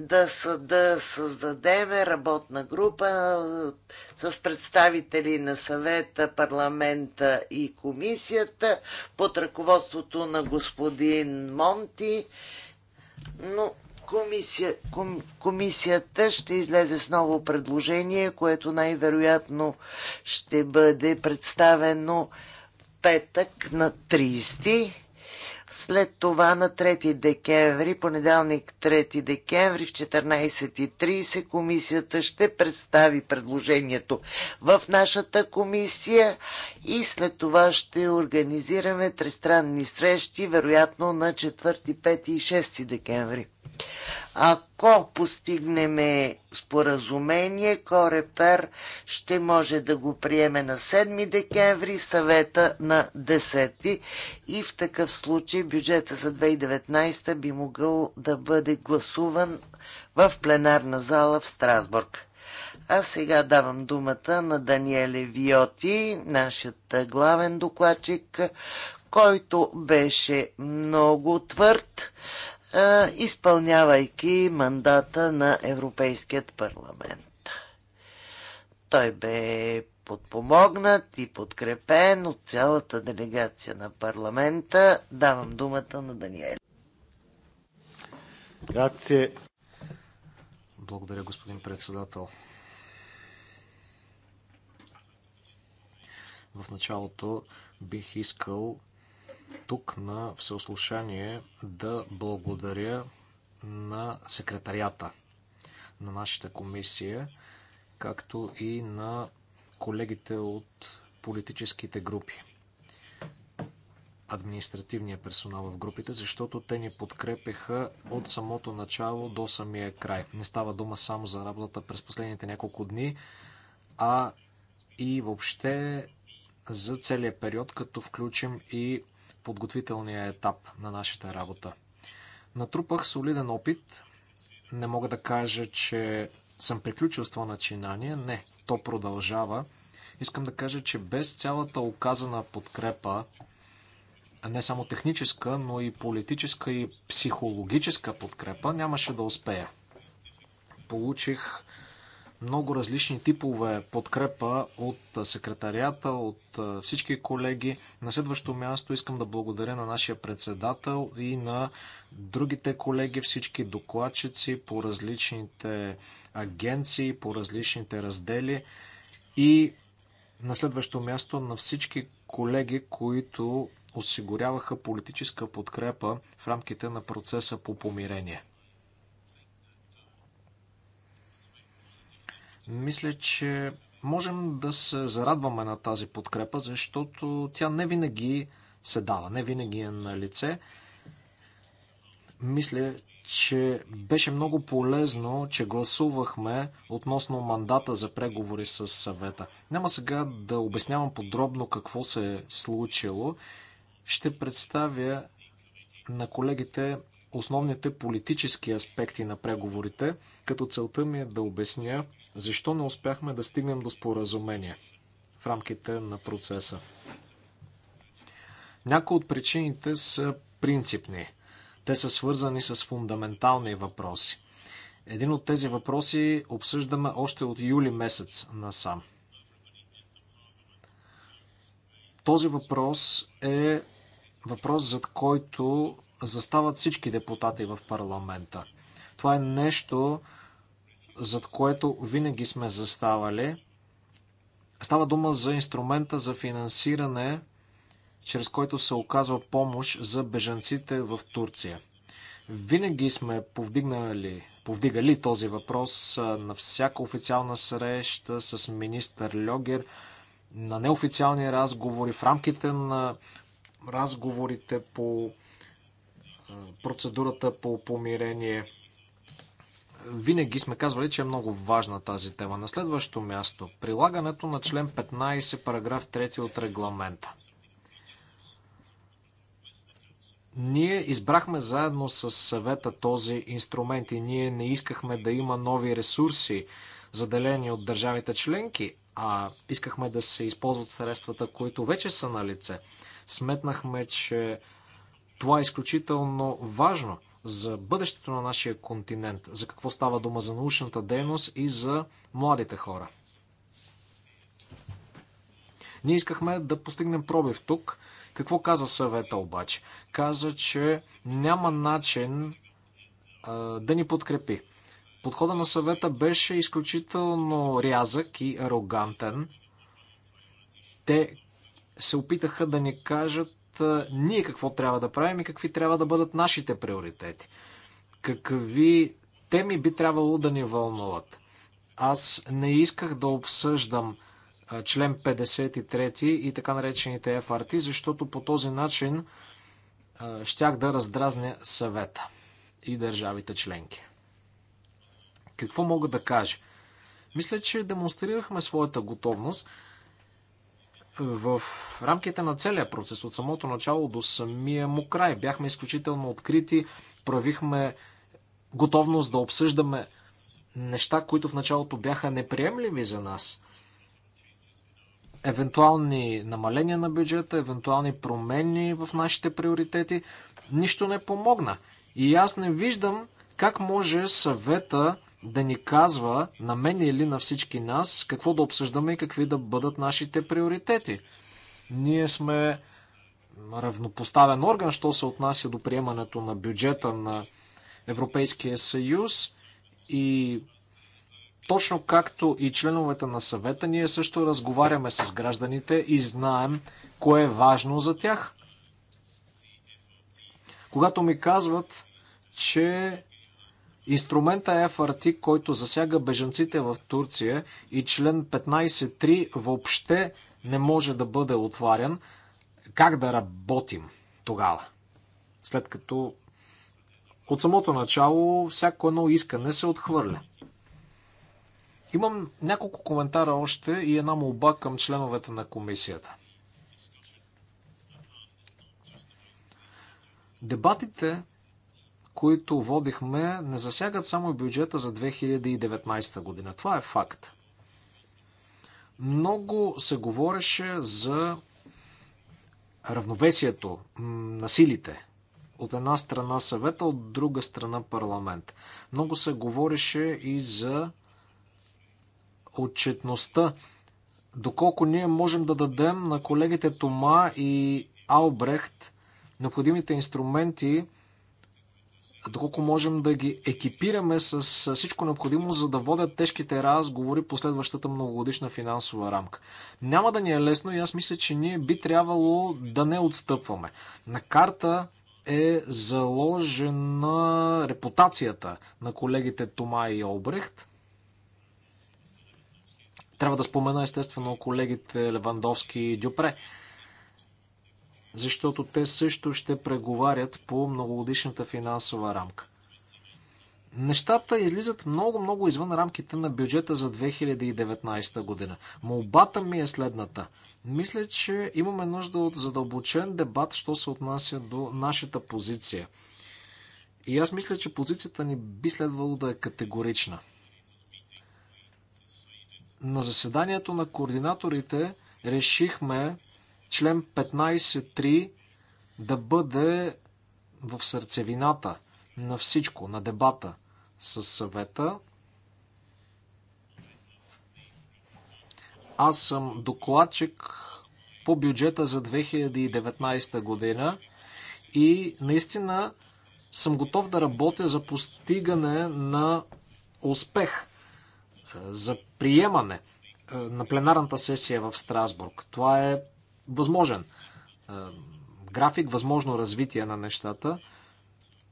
да, да създадеме работна група с представители на съвета, парламента и комисията под ръководството на господин Монти. Но комисия, ком, комисията ще излезе с ново предложение, което най-вероятно ще бъде представено петък на 30 след това на 3 декември, понеделник 3 декември в 14.30 комисията ще представи предложението в нашата комисия и след това ще организираме тристранни срещи, вероятно на 4, 5 и 6 декември. Ако постигнеме споразумение, Корепер ще може да го приеме на 7 декември, съвета на 10 и в такъв случай бюджета за 2019 би могъл да бъде гласуван в пленарна зала в Страсбург. А сега давам думата на Даниеле Виоти, нашият главен докладчик, който беше много твърд изпълнявайки мандата на Европейският парламент. Той бе подпомогнат и подкрепен от цялата делегация на парламента. Давам думата на Даниел. Грация. Благодаря, господин председател. В началото бих искал тук на всеослушание да благодаря на секретарията на нашата комисия, както и на колегите от политическите групи, административния персонал в групите, защото те ни подкрепиха от самото начало до самия край. Не става дума само за работата през последните няколко дни, а и въобще за целият период, като включим и подготвителния етап на нашата работа. Натрупах солиден опит. Не мога да кажа, че съм приключил с това начинание. Не, то продължава. Искам да кажа, че без цялата оказана подкрепа, не само техническа, но и политическа и психологическа подкрепа, нямаше да успея. Получих много различни типове подкрепа от секретарията, от всички колеги. На следващо място искам да благодаря на нашия председател и на другите колеги, всички докладчици по различните агенции, по различните раздели и на следващо място на всички колеги, които осигуряваха политическа подкрепа в рамките на процеса по помирение. Мисля, че можем да се зарадваме на тази подкрепа, защото тя не винаги се дава, не винаги е на лице. Мисля, че беше много полезно, че гласувахме относно мандата за преговори с съвета. Няма сега да обяснявам подробно какво се е случило. Ще представя на колегите основните политически аспекти на преговорите, като целта ми е да обясня защо не успяхме да стигнем до споразумение в рамките на процеса? Някои от причините са принципни. Те са свързани с фундаментални въпроси. Един от тези въпроси обсъждаме още от юли месец насам. Този въпрос е въпрос, зад който застават всички депутати в парламента. Това е нещо, зад което винаги сме заставали. Става дума за инструмента за финансиране, чрез който се оказва помощ за бежанците в Турция. Винаги сме повдигнали, повдигали този въпрос на всяка официална среща с министър Льогер, на неофициални разговори, в рамките на разговорите по процедурата по помирение – винаги сме казвали, че е много важна тази тема. На следващо място, прилагането на член 15, параграф 3 от регламента. Ние избрахме заедно с съвета този инструмент и ние не искахме да има нови ресурси, заделени от държавите членки, а искахме да се използват средствата, които вече са на лице. Сметнахме, че това е изключително важно – за бъдещето на нашия континент, за какво става дума за научната дейност и за младите хора. Ние искахме да постигнем пробив тук. Какво каза съвета обаче? Каза, че няма начин а, да ни подкрепи. Подхода на съвета беше изключително рязък и арогантен. Те се опитаха да ни кажат ние какво трябва да правим и какви трябва да бъдат нашите приоритети. Какви теми би трябвало да ни вълнуват. Аз не исках да обсъждам член 53 и така наречените FRT, защото по този начин щях да раздразня съвета и държавите членки. Какво мога да кажа? Мисля, че демонстрирахме своята готовност в рамките на целия процес, от самото начало до самия му край, бяхме изключително открити, правихме готовност да обсъждаме неща, които в началото бяха неприемливи за нас. Евентуални намаления на бюджета, евентуални промени в нашите приоритети, нищо не помогна. И аз не виждам как може съвета да ни казва, на мен или на всички нас, какво да обсъждаме и какви да бъдат нашите приоритети. Ние сме равнопоставен орган, що се отнася до приемането на бюджета на Европейския съюз и точно както и членовете на съвета, ние също разговаряме с гражданите и знаем кое е важно за тях. Когато ми казват, че Инструмента FRT, който засяга бежанците в Турция и член 15.3 въобще не може да бъде отварян, как да работим тогава? След като от самото начало всяко едно искане се отхвърля. Имам няколко коментара още и една молба към членовете на комисията. Дебатите които водихме, не засягат само бюджета за 2019 година. Това е факт. Много се говореше за равновесието на силите. От една страна съвета, от друга страна парламент. Много се говореше и за отчетността. Доколко ние можем да дадем на колегите Тома и Албрехт необходимите инструменти, доколко можем да ги екипираме с всичко необходимо, за да водят тежките разговори по следващата многогодишна финансова рамка. Няма да ни е лесно и аз мисля, че ние би трябвало да не отстъпваме. На карта е заложена репутацията на колегите Тома и Обрехт. Трябва да спомена естествено колегите Левандовски и Дюпре защото те също ще преговарят по многогодишната финансова рамка. Нещата излизат много-много извън рамките на бюджета за 2019 година. Молбата ми е следната. Мисля, че имаме нужда от задълбочен дебат, що се отнася до нашата позиция. И аз мисля, че позицията ни би следвало да е категорична. На заседанието на координаторите решихме член 15.3 да бъде в сърцевината на всичко, на дебата с съвета. Аз съм докладчик по бюджета за 2019 година и наистина съм готов да работя за постигане на успех, е, за приемане е, на пленарната сесия в Страсбург. Това е възможен график, възможно развитие на нещата.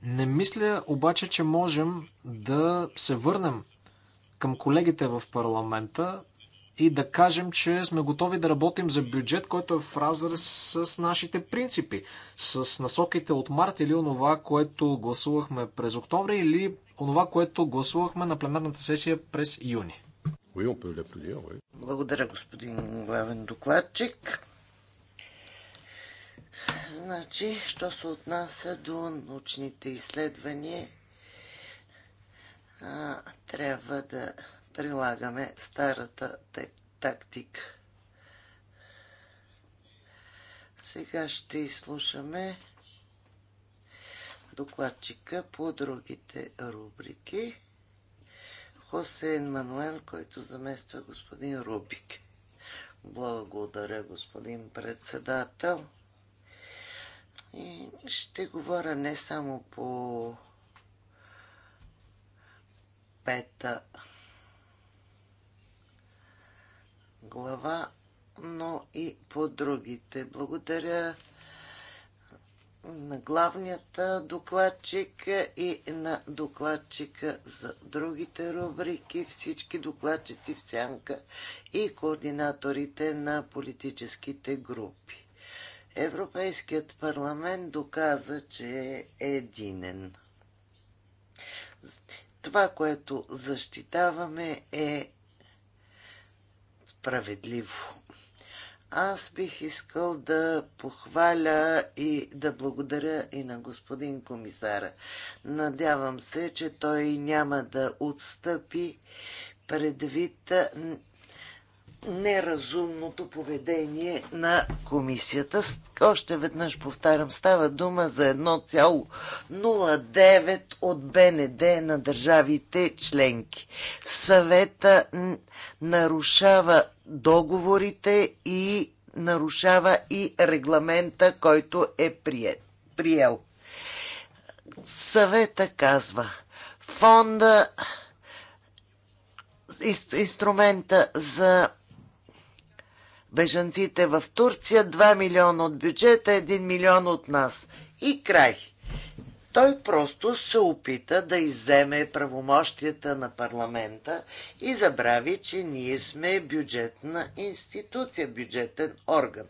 Не мисля обаче, че можем да се върнем към колегите в парламента и да кажем, че сме готови да работим за бюджет, който е в разрез с нашите принципи, с насоките от март или онова, което гласувахме през октомври или онова, което гласувахме на пленарната сесия през юни. Благодаря, господин главен докладчик. Значи, що се отнася до научните изследвания, а, трябва да прилагаме старата тактика. Сега ще изслушаме докладчика по другите рубрики. Хосен Мануел, който замества господин Рубик. Благодаря, господин председател. И ще говоря не само по пета глава, но и по другите. Благодаря на главният докладчик и на докладчика за другите рубрики, всички докладчици в сянка и координаторите на политическите групи. Европейският парламент доказа, че е единен. Това, което защитаваме е справедливо. Аз бих искал да похваля и да благодаря и на господин комисара. Надявам се, че той няма да отстъпи предвид неразумното поведение на комисията. Още веднъж повтарям, става дума за 1,09 от БНД на държавите членки. Съвета нарушава договорите и нарушава и регламента, който е приел. Съвета казва, фонда инструмента за бежанците в Турция, 2 милиона от бюджета, 1 милион от нас. И край. Той просто се опита да изземе правомощията на парламента и забрави, че ние сме бюджетна институция, бюджетен орган.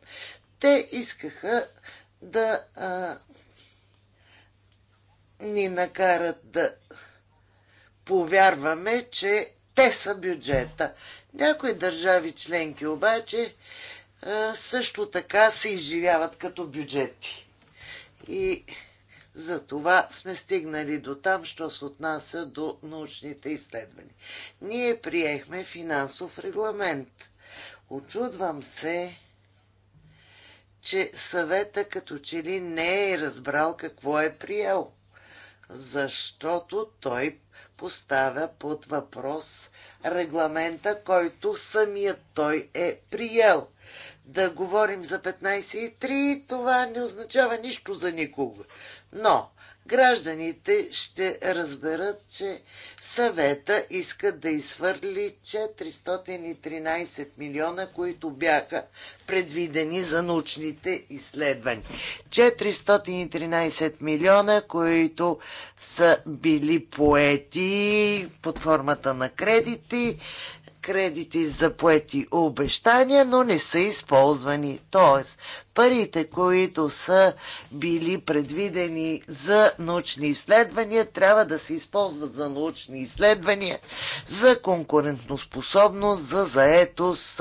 Те искаха да а, ни накарат да повярваме, че те са бюджета. Някои държави членки обаче също така се изживяват като бюджети. И за това сме стигнали до там, що се отнася до научните изследвания. Ние приехме финансов регламент. Очудвам се, че съвета като че ли не е разбрал какво е приел, защото той поставя под въпрос регламента, който самият той е приел. Да говорим за 3, това не означава нищо за никого. Но гражданите ще разберат, че съвета искат да изхвърли 413 милиона, които бяха предвидени за научните изследвания. 413 милиона, които са били поети под формата на кредити кредити за поети обещания, но не са използвани. Тоест, парите, които са били предвидени за научни изследвания, трябва да се използват за научни изследвания, за конкурентоспособност, за заетост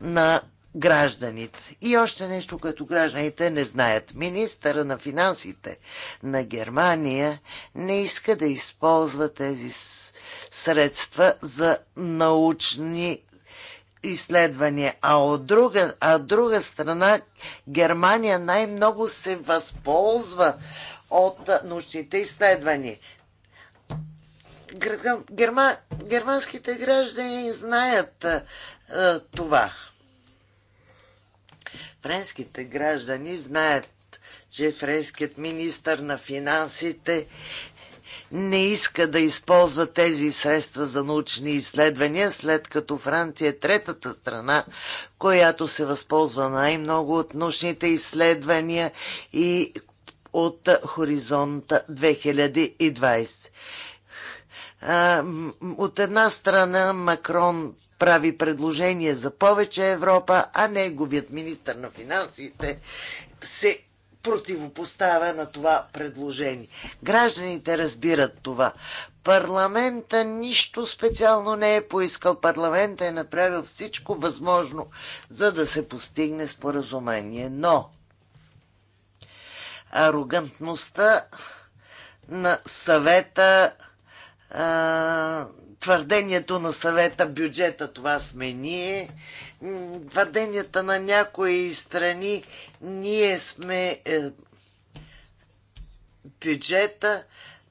на гражданите. И още нещо, което гражданите не знаят. Министъра на финансите на Германия не иска да използва тези средства за научни изследвания. А от друга, а от друга страна, Германия най-много се възползва от научните изследвания. Герма, германските граждани знаят а, това. Френските граждани знаят, че френският министр на финансите не иска да използва тези средства за научни изследвания, след като Франция е третата страна, която се възползва най-много от научните изследвания и от хоризонта 2020. От една страна Макрон прави предложение за повече Европа, а неговият министр на финансите се противопоставя на това предложение. Гражданите разбират това. Парламента нищо специално не е поискал. Парламента е направил всичко възможно, за да се постигне споразумение. Но арогантността на съвета твърдението на съвета бюджета, това сме ние. Твърденията на някои страни, ние сме е, бюджета.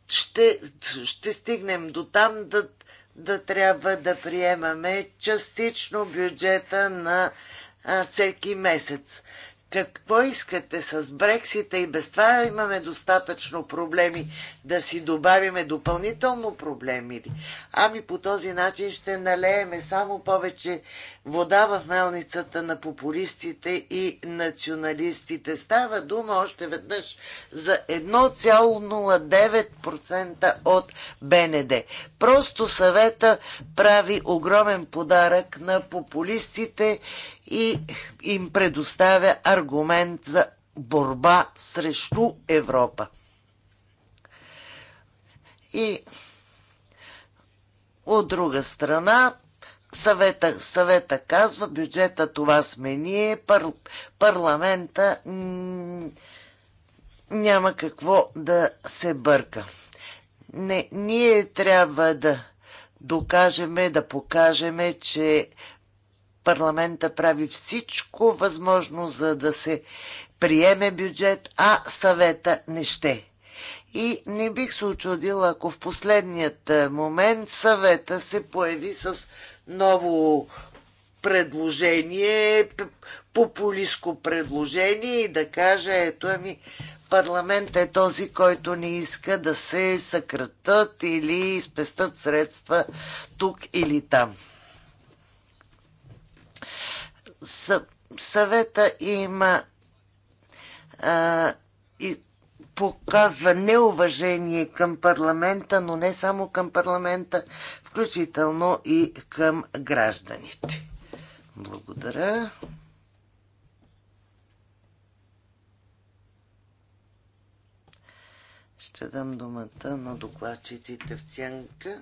Ще, ще стигнем до там да, да трябва да приемаме частично бюджета на а, всеки месец какво искате с Брексита и без това имаме достатъчно проблеми да си добавиме допълнително проблеми. Ами по този начин ще налееме само повече вода в мелницата на популистите и националистите. Става дума още веднъж за 1,09% от БНД. Просто съвета прави огромен подарък на популистите и им предоставя аргумент за борба срещу Европа. И от друга страна, съвета, съвета казва, бюджета това сме ние, пар, парламента няма какво да се бърка. Не, ние трябва да докажеме, да покажеме, че парламента прави всичко възможно, за да се приеме бюджет, а съвета не ще. И не бих се очудила, ако в последният е, момент съвета се появи с ново предложение, популистско предложение и да каже, ето ми, парламент е този, който не иска да се съкратат или спестат средства тук или там съвета има а, и показва неуважение към парламента, но не само към парламента, включително и към гражданите. Благодаря. Ще дам думата на докладчиците в сянка.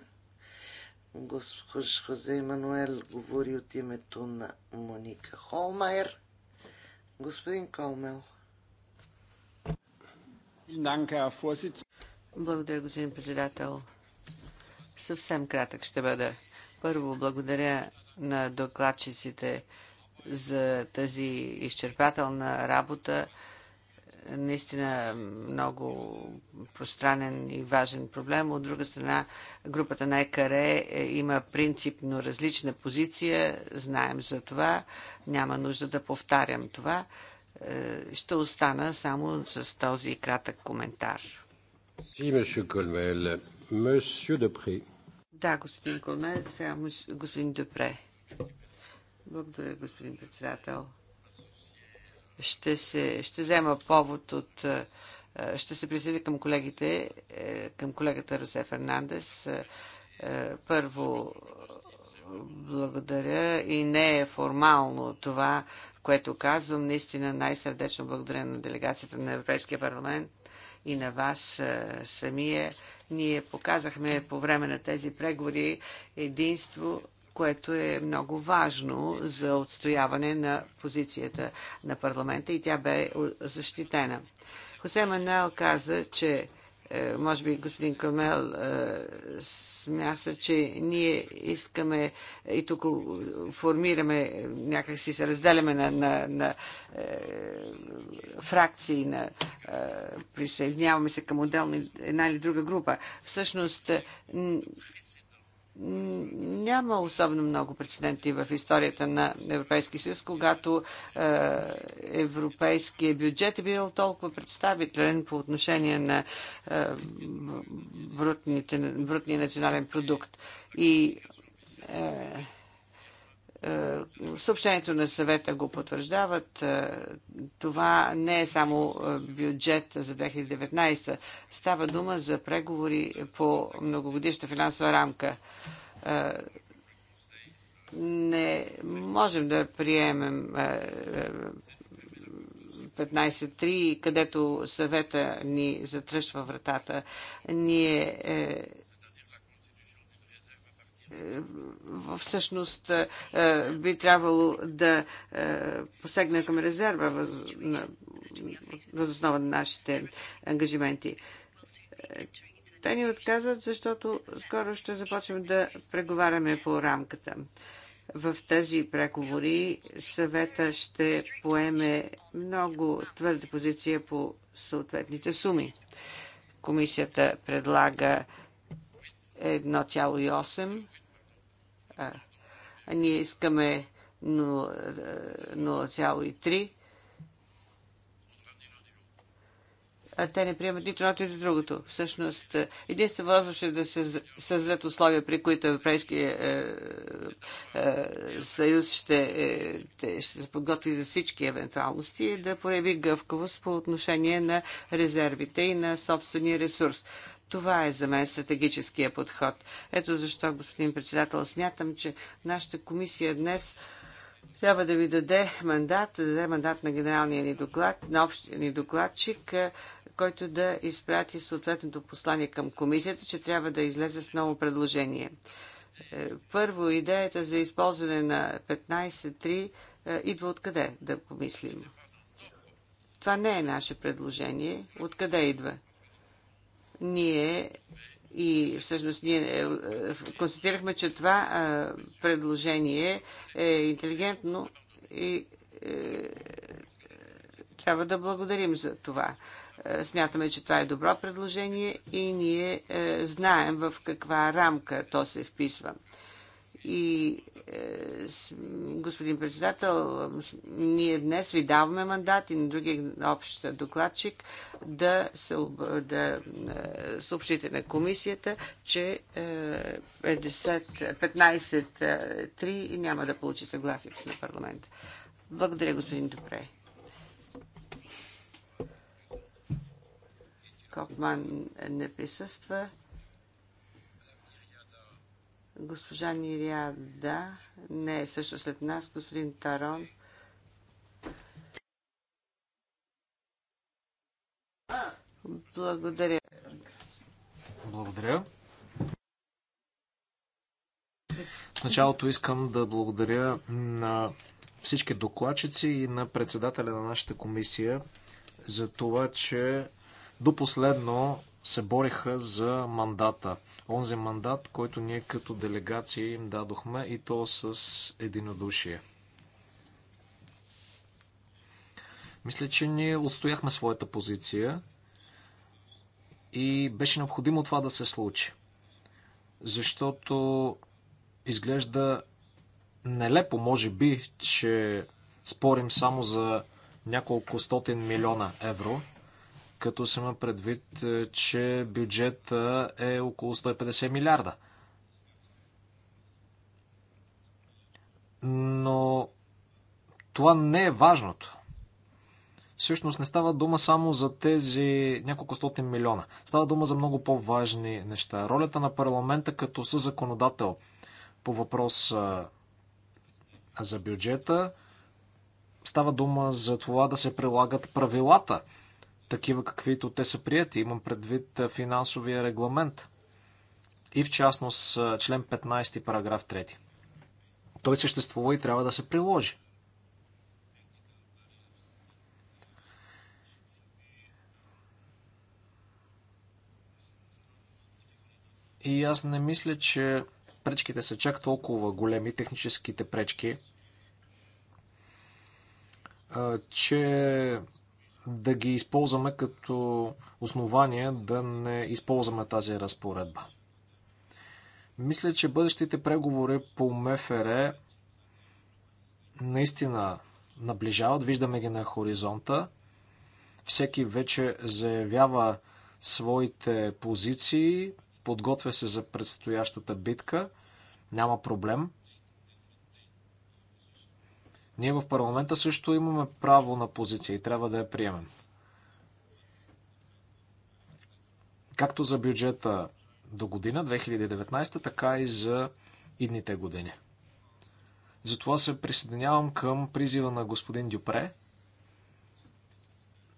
Госпож Хозе Имануел говори от името на Моника Холмайер. Господин Колмел. Благодаря, господин председател. Съвсем кратък ще бъда. Първо, благодаря на докладчиците за тази изчерпателна работа наистина много пространен и важен проблем. От друга страна, групата на ЕКАРЕ има принципно различна позиция. Знаем за това. Няма нужда да повтарям това. Е, ще остана само с този кратък коментар. Да, господин Колмел, сега господин Депре. Благодаря, господин председател ще, се, ще взема повод от е, ще се присъединя към колегите, е, към колегата Росе Фернандес. Е, първо, благодаря и не е формално това, което казвам. Наистина най-сърдечно благодаря на делегацията на Европейския парламент и на вас самия. Ние показахме по време на тези преговори единство което е много важно за отстояване на позицията на парламента и тя бе защитена. Хосе Манел каза, че е, може би господин Камел е, смяса, че ние искаме и тук формираме, някакси се разделяме на, на, на е, фракции, на, е, присъединяваме се към отделна една или друга група. Всъщност, няма особено много прецеденти в историята на Европейския съюз, когато е, европейския бюджет е бил толкова представителен по отношение на е, брутния национален продукт. И е, е, съобщението на съвета го потвърждават. Е, това не е само е, бюджет за 2019. Става дума за преговори по многогодишна финансова рамка. Не можем да приемем 15.3, където съвета ни затръшва вратата. Ние е, всъщност е, е, би трябвало да посегна към резерва въз, на, въз основа на нашите ангажименти. Те ни отказват, защото скоро ще започнем да преговаряме по рамката. В тези преговори съвета ще поеме много твърда позиция по съответните суми. Комисията предлага 1,8 а, ние искаме 0,3. Е, а те не приемат нито едното, нито другото. Всъщност, е, единствено възможно е да се създадат условия, при които Европейския съюз ще, е, ще се подготви за всички евентуалности и да прояви гъвкавост по отношение на резервите и на собствения ресурс. Това е за мен стратегическия подход. Ето защо, господин председател, смятам, че нашата комисия днес трябва да ви даде мандат, да даде мандат на генералния ни доклад, на общия ни докладчик, е, който да изпрати съответното послание към комисията, че трябва да излезе с ново предложение. Е, първо, идеята за използване на 15.3 е, идва откъде да помислим. Това не е наше предложение. Откъде идва? ние и всъщност ние е, констатирахме, че това е, предложение е интелигентно и е, трябва да благодарим за това. Смятаме, че това е добро предложение и ние знаем в каква рамка то се вписва. И е, господин председател, ние днес ви даваме мандат и на другия общ докладчик да, да е, съобщите на комисията, че 15.3 е, и няма да получи съгласието на парламента. Благодаря, господин Добре. Копман не присъства. Госпожа Нириада не е също след нас. Господин Тарон. Благодаря. Благодаря. В началото искам да благодаря на всички докладчици и на председателя на нашата комисия за това, че до последно се бориха за мандата онзи мандат, който ние като делегация им дадохме и то с единодушие. Мисля, че ние отстояхме своята позиция и беше необходимо това да се случи. Защото изглежда нелепо, може би, че спорим само за няколко стотин милиона евро – като се има предвид, е, че бюджета е около 150 милиарда. Но това не е важното. Всъщност не става дума само за тези няколко стотин милиона. Става дума за много по-важни неща. Ролята на парламента като съзаконодател по въпрос за бюджета става дума за това да се прилагат правилата такива каквито те са прияти. Имам предвид финансовия регламент и в частност член 15 параграф 3. Той съществува и трябва да се приложи. И аз не мисля, че пречките са чак толкова големи, техническите пречки, че да ги използваме като основание да не използваме тази разпоредба. Мисля, че бъдещите преговори по МФР наистина наближават, виждаме ги на хоризонта. Всеки вече заявява своите позиции, подготвя се за предстоящата битка, няма проблем. Ние в парламента също имаме право на позиция и трябва да я приемем. Както за бюджета до година 2019, така и за идните години. Затова се присъединявам към призива на господин Дюпре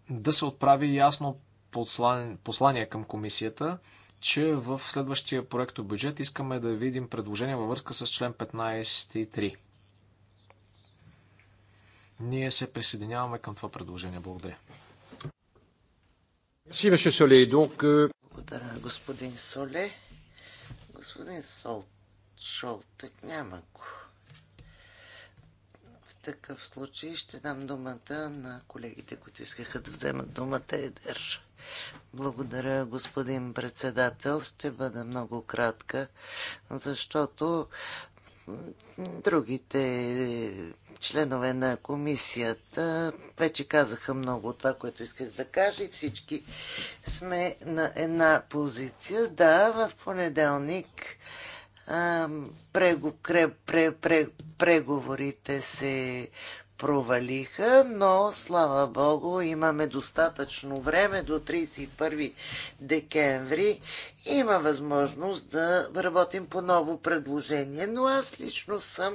да се отправи ясно послание към комисията, че в следващия проект бюджет искаме да видим предложения във връзка с член 15.3. Ние се присъединяваме към това предложение. Благодаря. Euh, Благодаря, господин Соле. Господин Сол, Шолтък няма го. В такъв случай ще дам думата на колегите, които искаха да вземат думата Едер. Благодаря, господин председател. Ще бъда много кратка, защото другите членове на комисията вече казаха много от това, което исках да кажа и всички сме на една позиция. Да, в понеделник преговорите се провалиха, но слава Богу, имаме достатъчно време до 31 декември. Има възможност да работим по ново предложение, но аз лично съм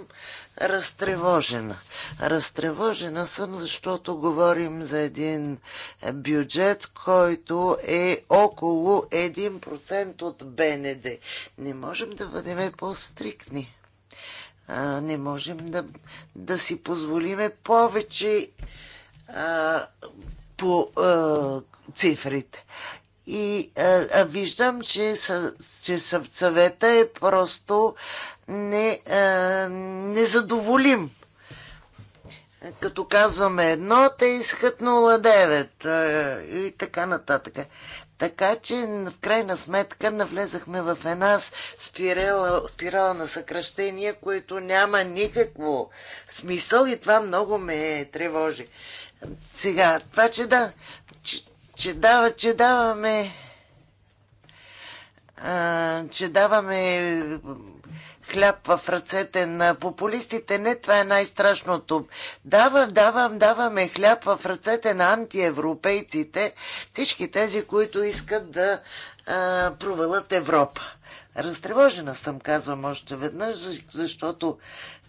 разтревожена. Разтревожена съм, защото говорим за един бюджет, който е около 1% от БНД. Не можем да бъдем по-стрикни а, не можем да, да си позволиме повече а, по а, цифрите. И а, а виждам, че, съ, че съвета е просто не, а, незадоволим. Като казваме едно, те искат 0,9 и така нататък. Така че в крайна сметка навлезахме в една спирала, спирала на съкръщения, което няма никакво смисъл и това много ме тревожи. Сега, това, че да, че, че, дава, че даваме а, че даваме хляб в ръцете на популистите. Не, това е най-страшното. Давам, давам, даваме хляб в ръцете на антиевропейците, всички тези, които искат да а, провалят Европа. Разтревожена съм, казвам още веднъж, защото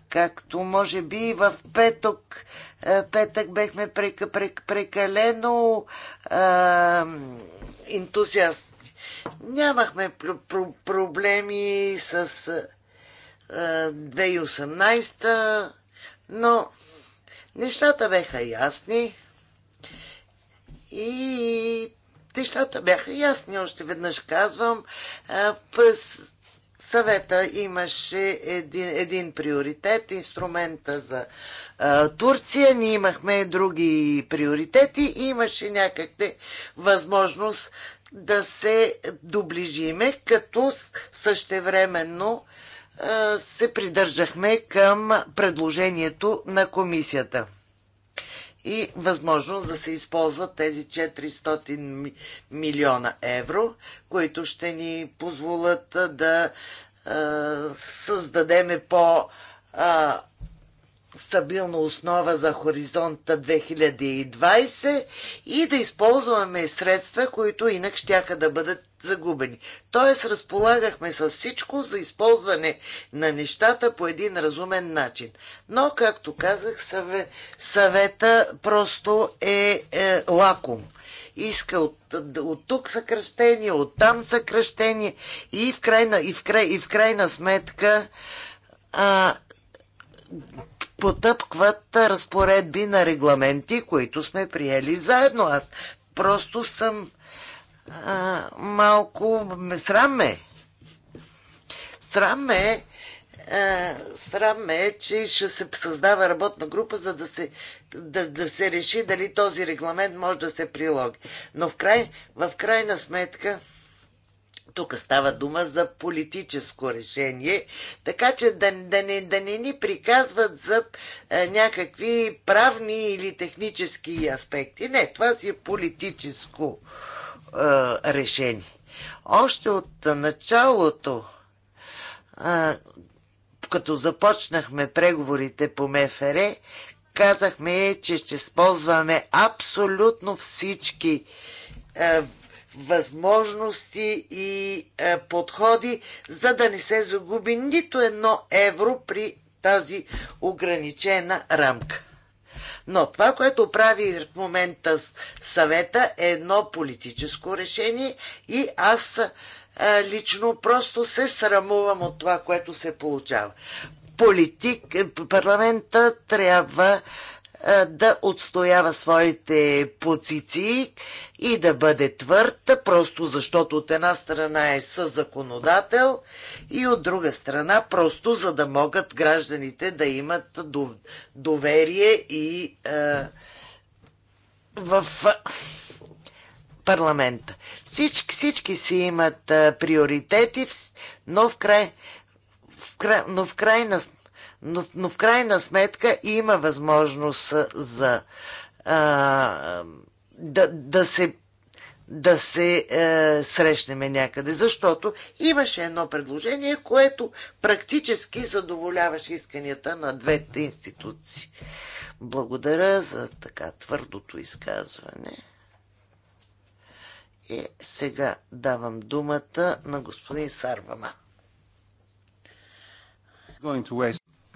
както може би в петък, петък бехме прекалено а, ентусиаст. Нямахме проблеми с 2018, но нещата беха ясни и нещата бяха ясни, още веднъж казвам. През съвета имаше един, един приоритет, инструмента за а, Турция, ние имахме други приоритети и имаше някакви възможност да се доближиме, като същевременно се придържахме към предложението на комисията и възможност да се използват тези 400 милиона евро, които ще ни позволят да създадеме по- стабилна основа за хоризонта 2020 и да използваме средства, които инак щяха да бъдат загубени. Тоест, разполагахме с всичко за използване на нещата по един разумен начин. Но, както казах, съве, съвета просто е, е лаком. Иска от, от тук съкръщение, от там съкръщение и в крайна, и в край, и в крайна сметка а, потъпкват разпоредби на регламенти, които сме приели заедно. Аз просто съм а, малко сраме. Сраме срам е, че ще се създава работна група, за да се, да, да се реши дали този регламент може да се прилоги. Но в, край, в крайна сметка, тук става дума за политическо решение, така че да, да, не, да не ни приказват за е, някакви правни или технически аспекти. Не, това си е политическо е, е, решени. Още от началото, е, като започнахме преговорите по МФР, казахме, че ще използваме абсолютно всички е, възможности и е, подходи, за да не се загуби нито едно евро при тази ограничена рамка. Но това, което прави в момента съвета е едно политическо решение и аз е, лично просто се срамувам от това, което се получава. Политик, е, парламента трябва да отстоява своите позиции и да бъде твърд, просто защото от една страна е със законодател и от друга страна просто за да могат гражданите да имат доверие и е, в парламента. Всички, всички си имат приоритети, но в край, в край, но в крайна сметка но, но в крайна сметка има възможност за а, да, да се да се е, срещнеме някъде, защото имаше едно предложение, което практически задоволяваше исканията на двете институции. Благодаря за така твърдото изказване. И сега давам думата на господин Сарвама.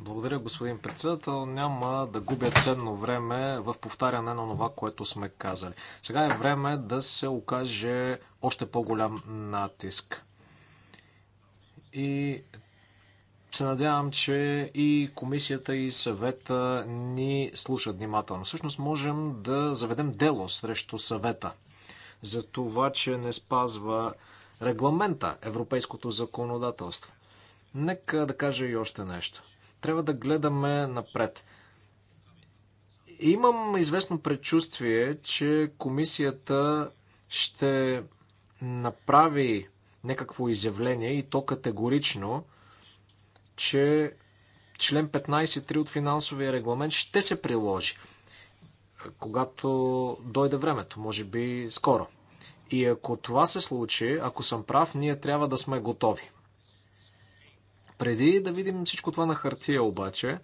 Благодаря, господин председател. Няма да губя ценно време в повтаряне на това, което сме казали. Сега е време да се окаже още по-голям натиск. И се надявам, че и комисията и съвета ни слушат внимателно. Всъщност можем да заведем дело срещу съвета за това, че не спазва регламента, европейското законодателство. Нека да кажа и още нещо. Трябва да гледаме напред. Имам известно предчувствие, че комисията ще направи някакво изявление и то категорично, че член 15.3 от финансовия регламент ще се приложи, когато дойде времето, може би скоро. И ако това се случи, ако съм прав, ние трябва да сме готови. Преди да видим всичко това на хартия обаче,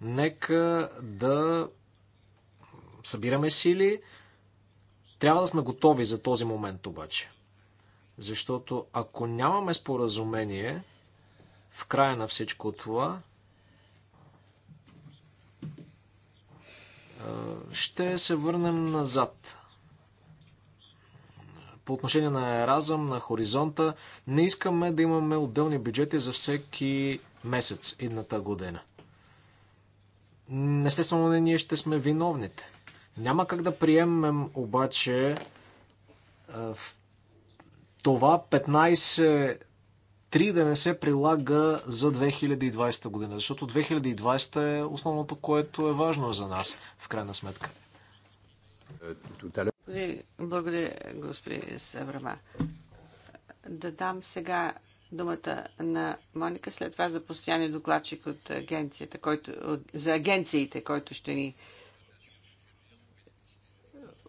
нека да събираме сили. Трябва да сме готови за този момент обаче. Защото ако нямаме споразумение в края на всичко това, ще се върнем назад по отношение на Еразъм, на Хоризонта. Не искаме да имаме отделни бюджети за всеки месец едната година. Естествено, не ние ще сме виновните. Няма как да приемем обаче е, това 15 3 да не се прилага за 2020 година, защото 2020 е основното, което е важно за нас, в крайна сметка. Е, благодаря, господин Саврама. Да дам сега думата на Моника, след това за постоянен докладчик от агенцията, който, от, за агенциите, който ще ни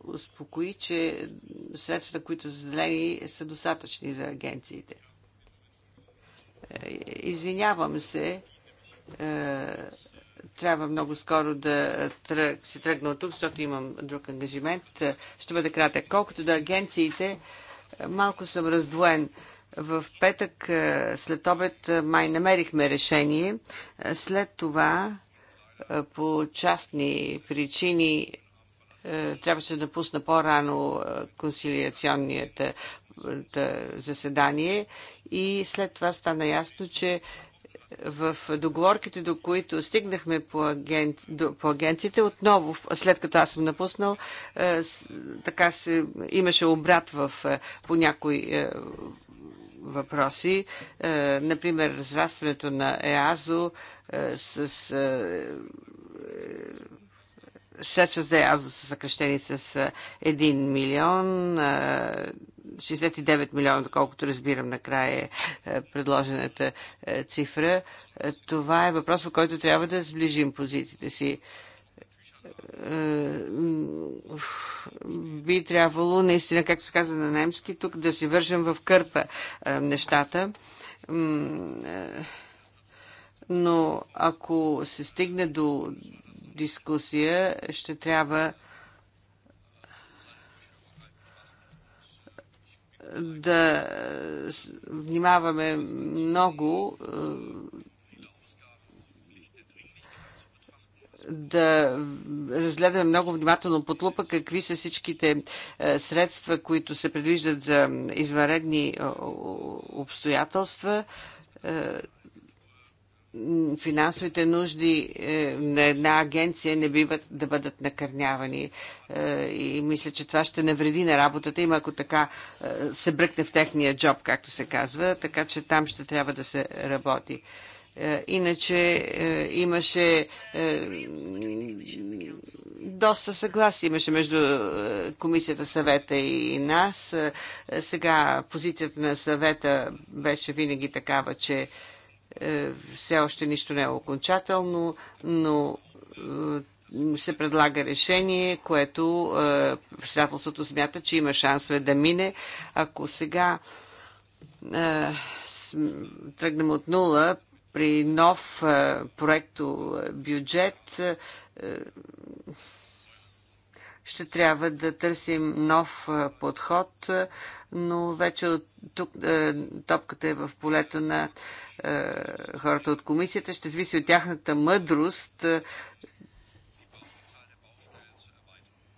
успокои, че средствата, които са заделени, са достатъчни за агенциите. Е, извинявам се, е, трябва много скоро да тръг, тръгна от тук, защото имам друг ангажимент. Ще бъде кратък. Колкото до агенциите, малко съм раздвоен. В петък е, след обед е, май намерихме решение. Е, след това по частни причини трябваше да пусна по-рано консилиационният заседание и след това стана ясно, че в договорките, до които стигнахме по, до, по агенциите, отново, след като аз съм напуснал, е, така се, имаше обрат в, е, по някои е, въпроси. Е, например, разрастването на ЕАЗО е, с. Е, е средства за ЕАЗО са съкрещени с 1 е, милион. 69 милиона, доколкото разбирам накрая е, е предложената е, цифра. Е, това е въпрос, по който трябва да сближим позициите си би трябвало наистина, както се каза на немски, тук да си вържем в кърпа нещата. Но ако се стигне до дискусия, ще трябва да е, внимаваме много е, да разгледаме много внимателно под лупа какви са всичките е, средства, които се предвиждат за извънредни обстоятелства финансовите нужди е, на една агенция не биват да бъдат накърнявани. Е, и мисля, че това ще навреди на работата им, ако така е, се бръкне в техния джоб, както се казва, така че там ще трябва да се работи. Иначе имаше доста съгласие имаше между комисията, съвета и нас. Сега позицията на съвета беше винаги такава, че е, все още нищо не е окончателно, но е, се предлага решение, което е, председателството смята, че има шансове да мине. Ако сега тръгнем от нула при нов проекто бюджет, ще трябва да търсим нов подход но вече от тук е, топката е в полето на е, хората от комисията. Ще зависи от тяхната мъдрост е,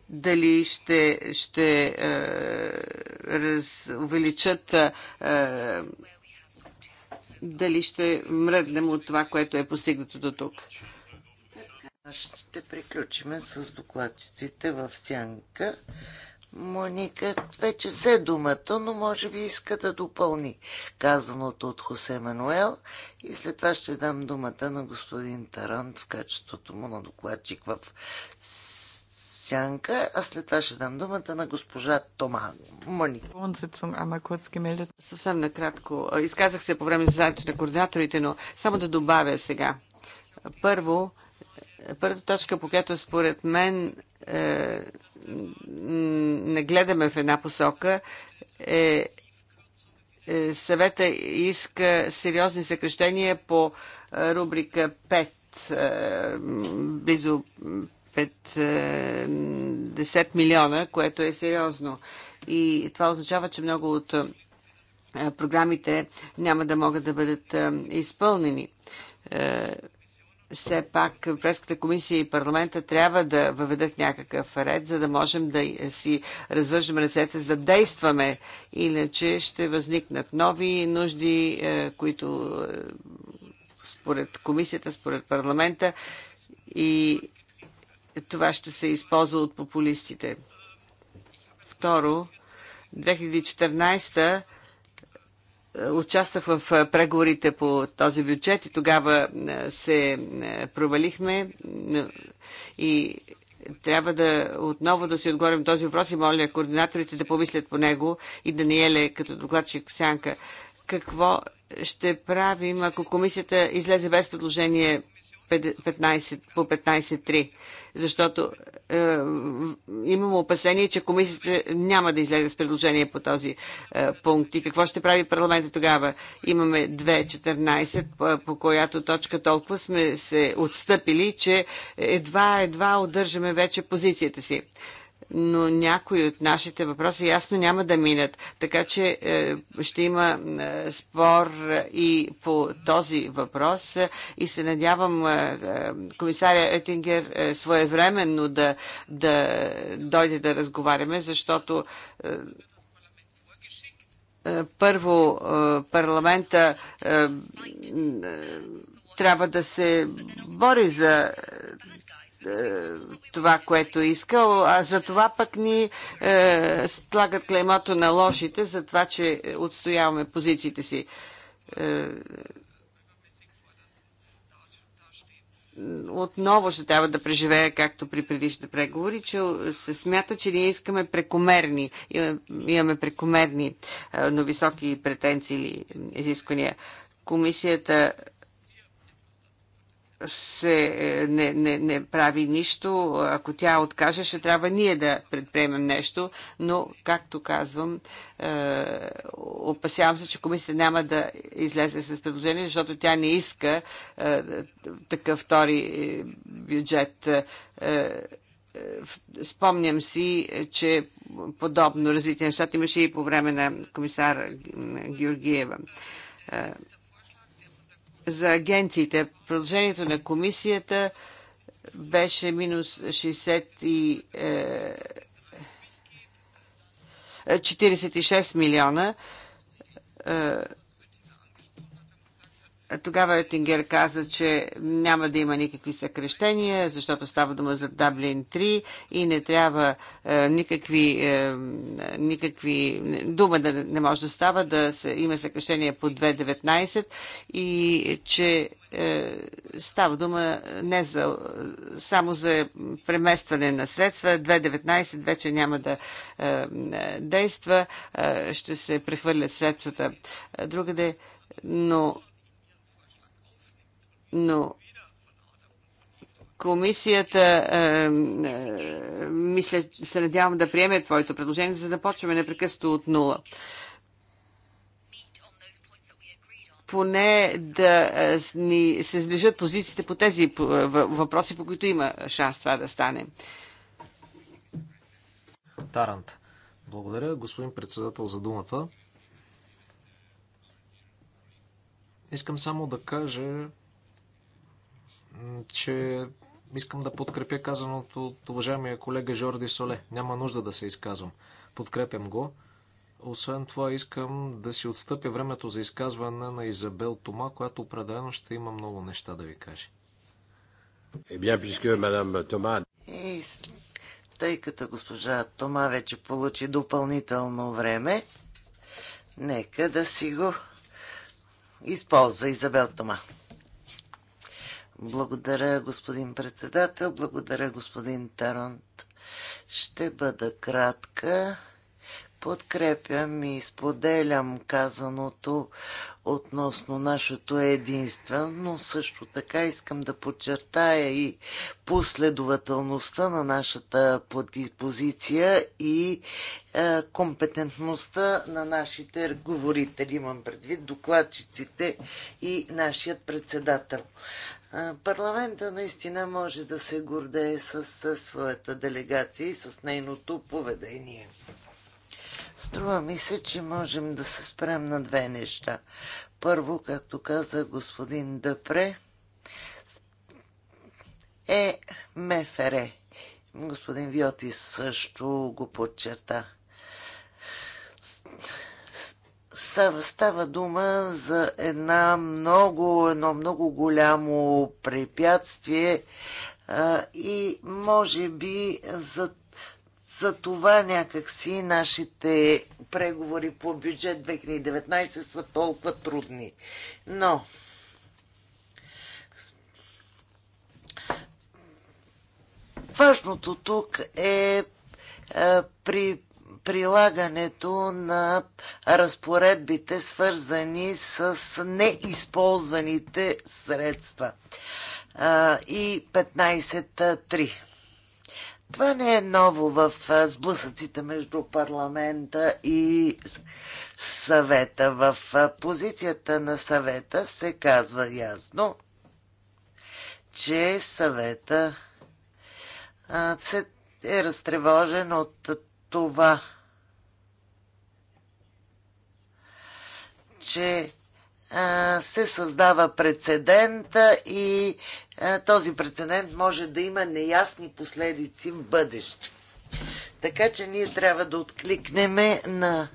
дали ще, ще е, раз, увеличат е, дали ще мръднем от това, което е постигнато до тук. Ще приключиме с докладчиците в сянка. Моника вече взе думата, но може би иска да допълни казаното от Хосе Мануел и след това ще дам думата на господин Тарант в качеството му на докладчик в сянка, а след това ще дам думата на госпожа Тома. Моника. Съвсем накратко. Изказах се по време за заседанието на координаторите, но само да добавя сега. Първо, първата точка, по която според мен е, не гледаме в една посока, е, е, съвета иска сериозни съкрещения по е, рубрика 5, е, близо 50 е, милиона, което е сериозно. И това означава, че много от е, програмите няма да могат да бъдат изпълнени все пак Европейската комисия и парламента трябва да въведат някакъв ред, за да можем да си развържем ръцете, за да действаме. Иначе ще възникнат нови нужди, е, които е, според комисията, според парламента и това ще се използва от популистите. Второ, 2014 участвах в преговорите по този бюджет и тогава се провалихме и трябва да отново да си отговорим този въпрос и моля координаторите да помислят по него и Даниеле като докладчик Сянка. Какво ще правим, ако комисията излезе без предложение 15, по 15.3? Защото е, имам опасение, че комисията няма да излезе с предложение по този е, пункт. И какво ще прави парламента тогава? Имаме 2.14, по която точка толкова сме се отстъпили, че едва, едва удържаме вече позицията си но някои от нашите въпроси ясно няма да минат. Така че е, ще има е, спор и по този въпрос и се надявам е, комисаря Етингер своевременно да, да дойде да разговаряме, защото първо парламента трябва да се бори за е, това, което е искал, а за това пък ни е, слагат клеймото на лошите, за това, че отстояваме позициите си. Е, отново ще трябва да преживея, както при предишните преговори, че се смята, че ние искаме прекомерни, имаме прекомерни, е, но високи претенции или изисквания. Комисията се е, не, не, не прави нищо, ако тя откаже, ще трябва ние да предприемем нещо, но, както казвам, е, опасявам се, че комисията няма да излезе с предложение, защото тя не иска е, такъв втори е, бюджет. Е, е, спомням си, че подобно развитие на нещата имаше и по време на комисар Георгиева за агенциите. Продължението на комисията беше минус 60 и, 46 е, милиона. Е, тогава Етингер каза, че няма да има никакви съкрещения, защото става дума за Даблин 3 и не трябва е, никакви, е, никакви дума да не може да става, да се, има съкрещение по 2.19 и че е, става дума не за, само за преместване на средства. 2.19 вече няма да е, действа, е, ще се прехвърлят средствата е, другаде, но но комисията е, е, мисля, се надявам да приеме твоето предложение, за да почваме непрекъснато от нула. Поне да е, ни се сближат позициите по тези е, въпроси, по които има шанс това да стане. Тарант. Благодаря, господин председател, за думата. Искам само да кажа, че искам да подкрепя казаното от уважаемия колега Жорди Соле. Няма нужда да се изказвам. Подкрепям го. Освен това искам да си отстъпя времето за изказване на Изабел Тома, която определено ще има много неща да ви каже. Е, бя, мадам Тома. Е, тъй като госпожа Тома вече получи допълнително време, нека да си го използва Изабел Тома. Благодаря, господин председател. Благодаря, господин Тарант. Ще бъда кратка. Подкрепям и споделям казаното относно нашето единство, но също така искам да подчертая и последователността на нашата позиция и е, компетентността на нашите говорители, имам предвид докладчиците и нашият председател. Парламента наистина може да се гордее с, с своята делегация и с нейното поведение. Струва ми се, че можем да се спрем на две неща. Първо, както каза господин Дъпре, е МФР. Господин Виоти също го подчерта Става дума за една много, едно много голямо препятствие а, и може би за, за това някакси нашите преговори по бюджет 2019 са толкова трудни. Но важното тук е а, е, при прилагането на разпоредбите, свързани с неизползваните средства. И 15.3. Това не е ново в сблъсъците между парламента и съвета. В позицията на съвета се казва ясно, че съвета се е разтревожен от това, че се създава прецедент и този прецедент може да има неясни последици в бъдеще. Така че ние трябва да откликнем на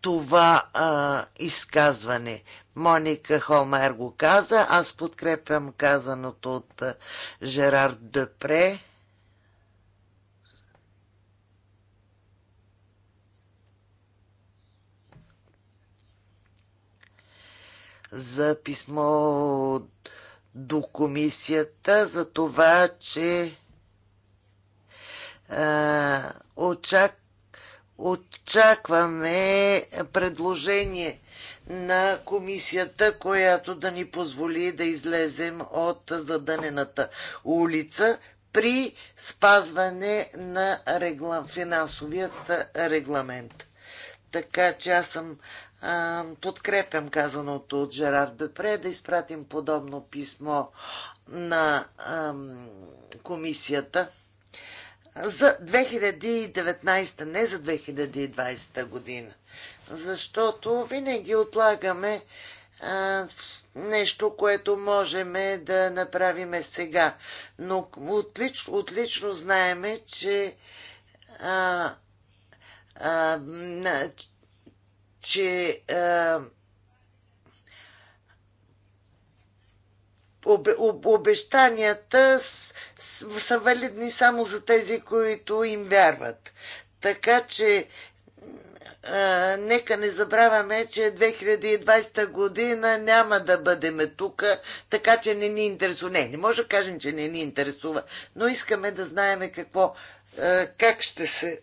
това а, изказване. Моника Холмер го каза. Аз подкрепям казаното от Жерар Депре. за писмо до комисията за това, че а, очак, очакваме предложение на комисията, която да ни позволи да излезем от задънената улица при спазване на реглам, финансовият регламент. Така че аз съм а, подкрепям казаното от Жерар Депре да изпратим подобно писмо на а, комисията за 2019, не за 2020 година защото винаги отлагаме а, нещо, което можем да направим сега. Но отлично, отлично знаеме, че а, а, че а, обещанията са валидни само за тези, които им вярват. Така че нека не забравяме, че 2020 година няма да бъдеме тук, така че не ни интересува. Не, не може да кажем, че не ни интересува, но искаме да знаем какво, как ще се...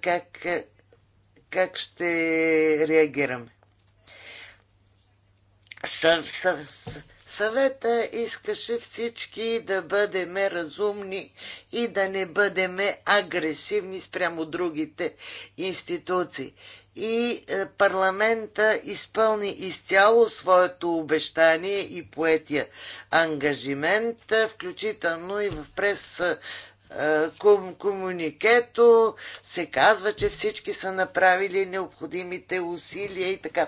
Как, как ще реагираме. Съв, съв, съв Съвета искаше всички да бъдем разумни и да не бъдем агресивни спрямо другите институции. И е, парламента изпълни изцяло своето обещание и поетия ангажимент, включително и в през е, ком, комуникето се казва, че всички са направили необходимите усилия и така,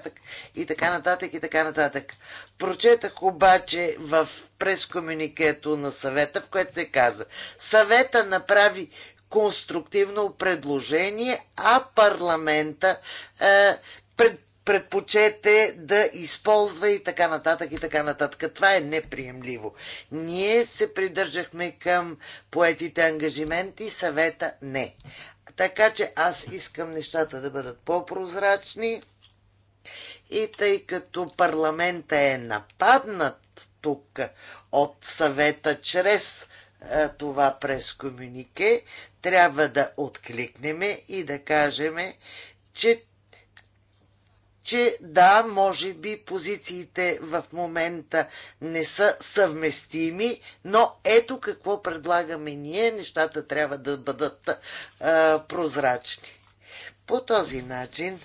и така нататък, и така нататък. Прочетах обаче в през комуникето на съвета, в което се казва съвета направи конструктивно предложение, а парламента е, пред, предпочете да използва и така нататък и така нататък. Това е неприемливо. Ние се придържахме към поетите ангажименти, съвета не. Така че аз искам нещата да бъдат по-прозрачни и тъй като парламента е нападнат тук от съвета чрез е, това през комюнике, трябва да откликнеме и да кажеме, че че да, може би позициите в момента не са съвместими, но ето какво предлагаме ние. Нещата трябва да бъдат а, прозрачни. По този начин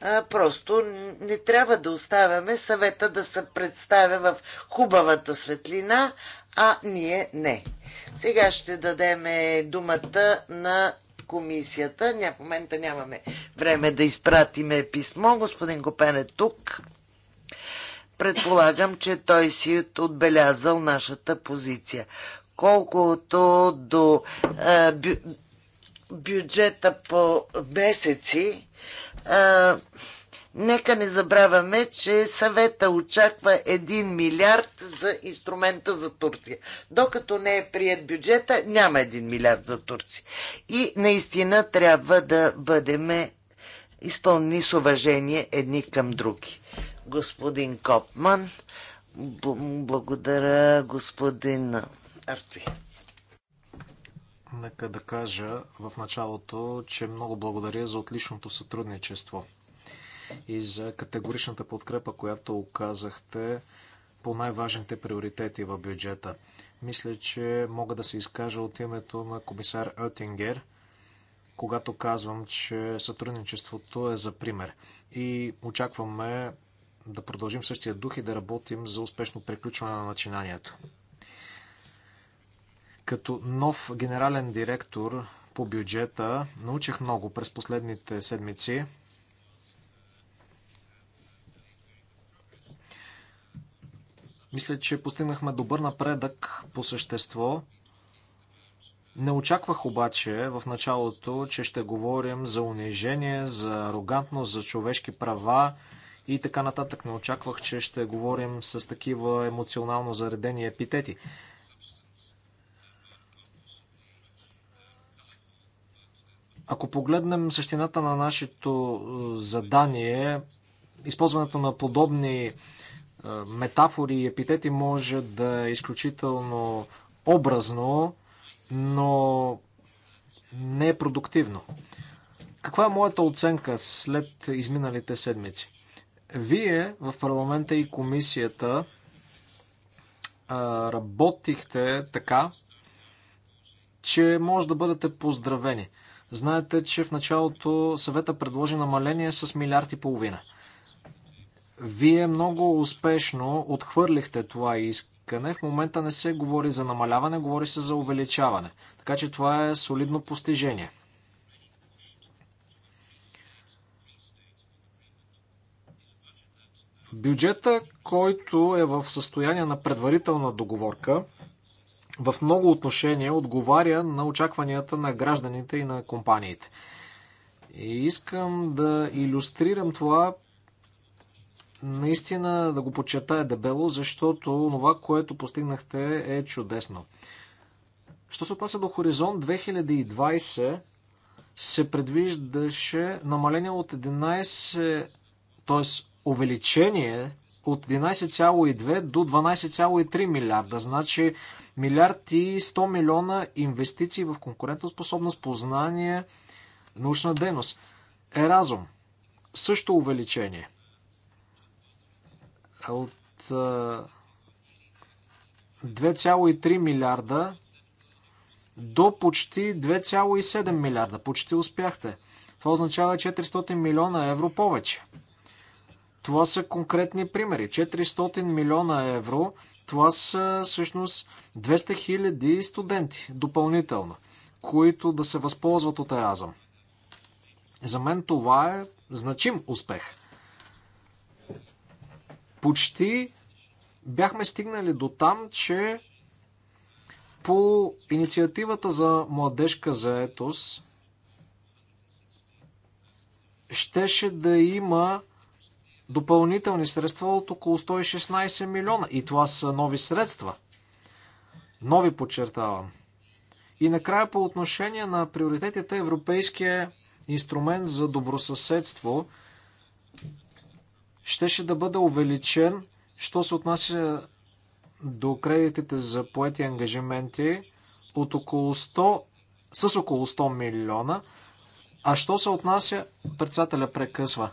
а, просто не трябва да оставяме съвета да се представя в хубавата светлина, а ние не. Сега ще дадем думата на комисията. Ня, в момента нямаме време да изпратиме писмо. Господин Копен е тук. Предполагам, че той си е отбелязал нашата позиция. Колкото до а, е, бю, бюджета по месеци, а, е, Нека не забравяме, че съвета очаква 1 милиард за инструмента за Турция. Докато не е прият бюджета, няма 1 милиард за Турция. И наистина трябва да бъдем изпълни с уважение едни към други. Господин Копман, благодаря господин Артви. Нека да кажа в началото, че много благодаря за отличното сътрудничество и за категоричната подкрепа, която оказахте по най-важните приоритети в бюджета. Мисля, че мога да се изкажа от името на комисар Оттингер, когато казвам, че сътрудничеството е за пример. И очакваме да продължим същия дух и да работим за успешно приключване на начинанието. Като нов генерален директор по бюджета научих много през последните седмици. Мисля, че постигнахме добър напредък по същество. Не очаквах обаче в началото, че ще говорим за унижение, за арогантност, за човешки права и така нататък. Не очаквах, че ще говорим с такива емоционално заредени епитети. Ако погледнем същината на нашето е, задание, използването на подобни метафори и епитети може да е изключително образно, но не е продуктивно. Каква е моята оценка след изминалите седмици? Вие в парламента и комисията работихте така, че може да бъдете поздравени. Знаете, че в началото съвета предложи намаление с милиард и половина – вие много успешно отхвърлихте това искане. В момента не се говори за намаляване, говори се за увеличаване. Така че това е солидно постижение. Бюджета, който е в състояние на предварителна договорка, в много отношения отговаря на очакванията на гражданите и на компаниите. И искам да иллюстрирам това наистина да го подчертая дебело, защото това, което постигнахте е чудесно. Що се отнася до Хоризонт 2020, се предвиждаше намаление от 11, т.е. увеличение от 11,2 до 12,3 милиарда. Значи милиард и 100 милиона инвестиции в конкурентоспособност, познание, научна дейност. Еразум. Също увеличение – от 2,3 милиарда до почти 2,7 милиарда. Почти успяхте. Това означава 400 милиона евро повече. Това са конкретни примери. 400 милиона евро, това са всъщност 200 хиляди студенти допълнително, които да се възползват от Еразъм. За мен това е значим успех – почти бяхме стигнали до там, че по инициативата за младежка заетост щеше да има допълнителни средства от около 116 милиона. И това са нови средства. Нови подчертавам. И накрая по отношение на приоритетите Европейския инструмент за добросъседство – щеше да бъде увеличен, що се отнася до кредитите за поети ангажименти от около 100, с около 100 милиона. А що се отнася, председателя прекъсва.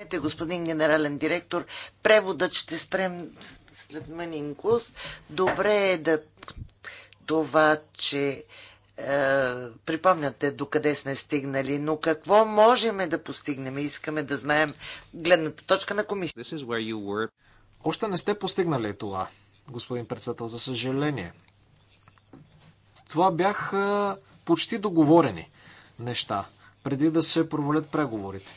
Ете, господин генерален директор, преводът ще спрем след мънинкус. Добре е да това, че е, припомняте къде сме стигнали, но какво можем да постигнем? Искаме да знаем гледната точка на комисията. Още не сте постигнали това, господин председател, за съжаление. Това бяха почти договорени неща, преди да се провалят преговорите.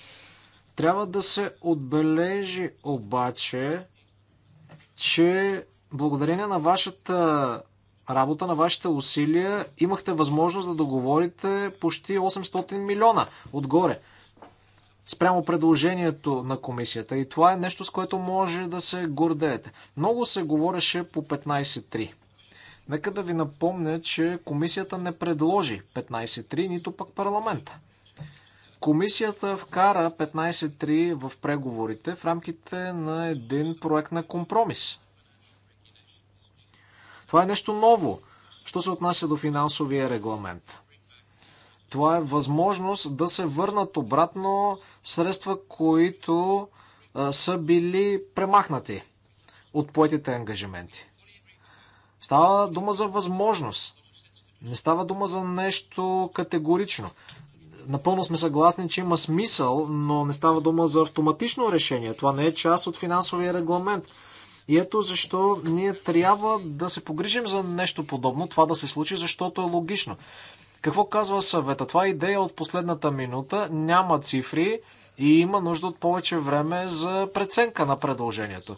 Трябва да се отбележи обаче, че благодарение на вашата работа на вашите усилия имахте възможност да договорите почти 800 милиона отгоре спрямо предложението на комисията. И това е нещо, с което може да се гордеете. Много се говореше по 15.3. Нека да ви напомня, че комисията не предложи 15.3, нито пък парламента. Комисията вкара 15.3 в преговорите в рамките на един проект на компромис. Това е нещо ново, що се отнася до финансовия регламент. Това е възможност да се върнат обратно средства, които а, са били премахнати от поетите ангажименти. Става дума за възможност. Не става дума за нещо категорично. Напълно сме съгласни, че има смисъл, но не става дума за автоматично решение. Това не е част от финансовия регламент. И ето защо ние трябва да се погрижим за нещо подобно, това да се случи, защото е логично. Какво казва съвета? Това е идея от последната минута, няма цифри и има нужда от повече време за преценка на предложението.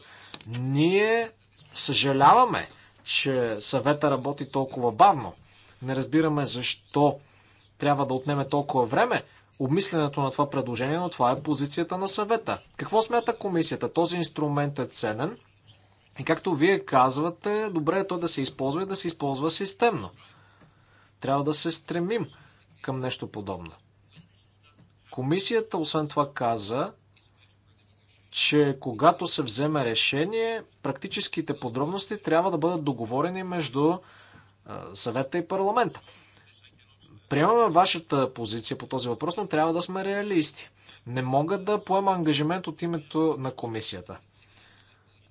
Ние съжаляваме, че съвета работи толкова бавно. Не разбираме защо трябва да отнеме толкова време обмисленето на това предложение, но това е позицията на съвета. Какво смята комисията? Този инструмент е ценен, и както вие казвате, добре е то да се използва и да се използва системно. Трябва да се стремим към нещо подобно. Комисията, освен това, каза, че когато се вземе решение, практическите подробности трябва да бъдат договорени между съвета и парламента. Приемаме вашата позиция по този въпрос, но трябва да сме реалисти. Не мога да поема ангажимент от името на комисията.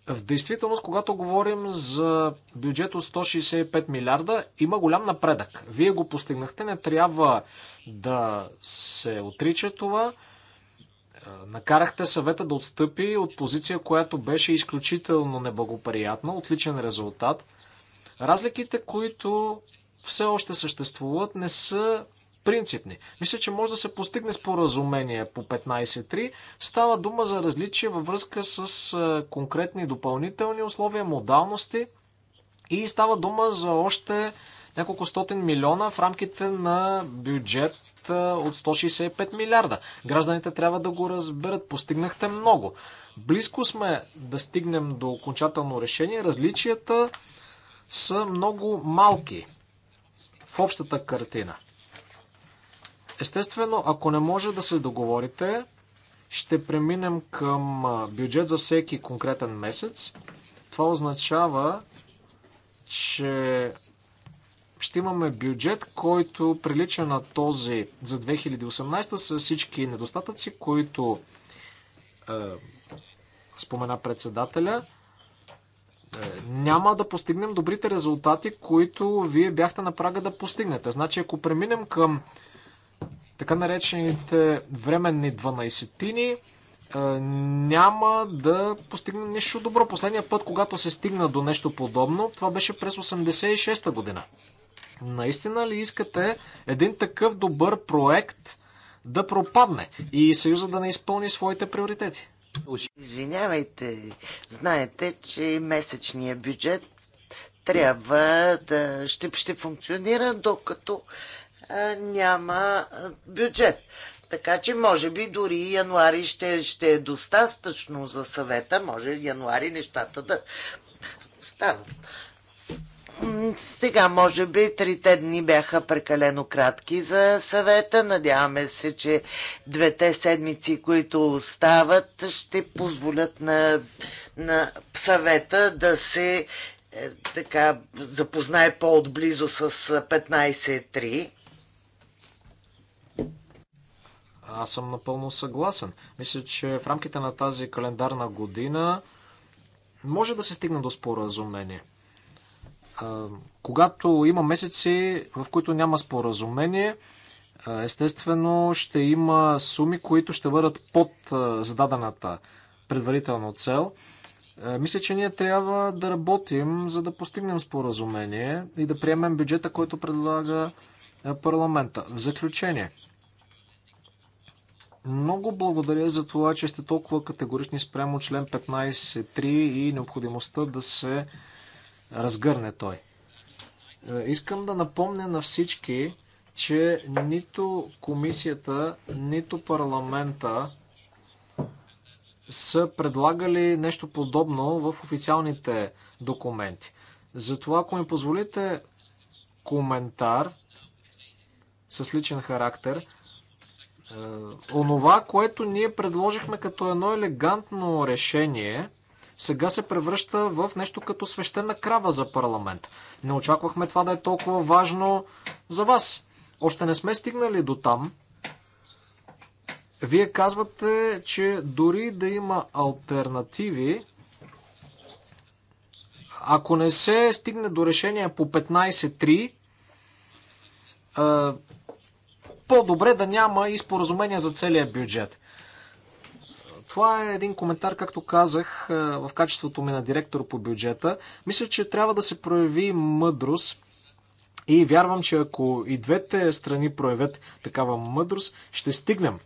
В действителност, когато говорим за бюджет от 165 милиарда, има голям напредък. Вие го постигнахте, не трябва да се отрича това. Е, накарахте съвета да отстъпи от позиция, която беше изключително неблагоприятна, отличен резултат. Разликите, които все още съществуват, не са принципни. Мисля, че може да се постигне споразумение по 15.3. Става дума за различия във връзка с конкретни допълнителни условия, модалности и става дума за още няколко стотин милиона в рамките на бюджет от 165 милиарда. Гражданите трябва да го разберат. Постигнахте много. Близко сме да стигнем до окончателно решение. Различията са много малки в общата картина. Естествено, ако не може да се договорите, ще преминем към бюджет за всеки конкретен месец. Това означава, че ще имаме бюджет, който прилича на този за 2018 с всички недостатъци, които е, спомена председателя. Е, няма да постигнем добрите резултати, които вие бяхте на прага да постигнете. Значи, ако преминем към така наречените временни 12-тини, няма да постигне нищо добро. Последния път, когато се стигна до нещо подобно, това беше през 86-та година. Наистина ли искате един такъв добър проект да пропадне и Съюза да не изпълни своите приоритети? Извинявайте, знаете, че месечният бюджет трябва да ще, ще функционира, докато няма бюджет. Така че може би дори януари ще, ще е достатъчно за съвета, може януари нещата да станат. Сега, може би, трите дни бяха прекалено кратки за съвета. Надяваме се, че двете седмици, които остават, ще позволят на, на съвета да се е, така запознае по-отблизо с 15.3 Аз съм напълно съгласен. Мисля, че в рамките на тази календарна година може да се стигне до споразумение. Когато има месеци, в които няма споразумение, естествено ще има суми, които ще бъдат под зададената предварително цел. Мисля, че ние трябва да работим, за да постигнем споразумение и да приемем бюджета, който предлага парламента. В заключение, много благодаря за това, че сте толкова категорични спрямо член 15.3 и необходимостта да се разгърне той. Е, искам да напомня на всички, че нито комисията, нито парламента са предлагали нещо подобно в официалните документи. Затова, ако ми позволите коментар с личен характер, е, онова, което ние предложихме като едно елегантно решение, сега се превръща в нещо като свещена крава за парламент. Не очаквахме това да е толкова важно за вас. Още не сме стигнали до там. Вие казвате, че дори да има альтернативи, ако не се стигне до решение по 15.3, по-добре да няма и споразумение за целия бюджет. Това е един коментар, както казах, в качеството ми на директор по бюджета. Мисля, че трябва да се прояви мъдрост и вярвам, че ако и двете страни проявят такава мъдрост, ще стигнем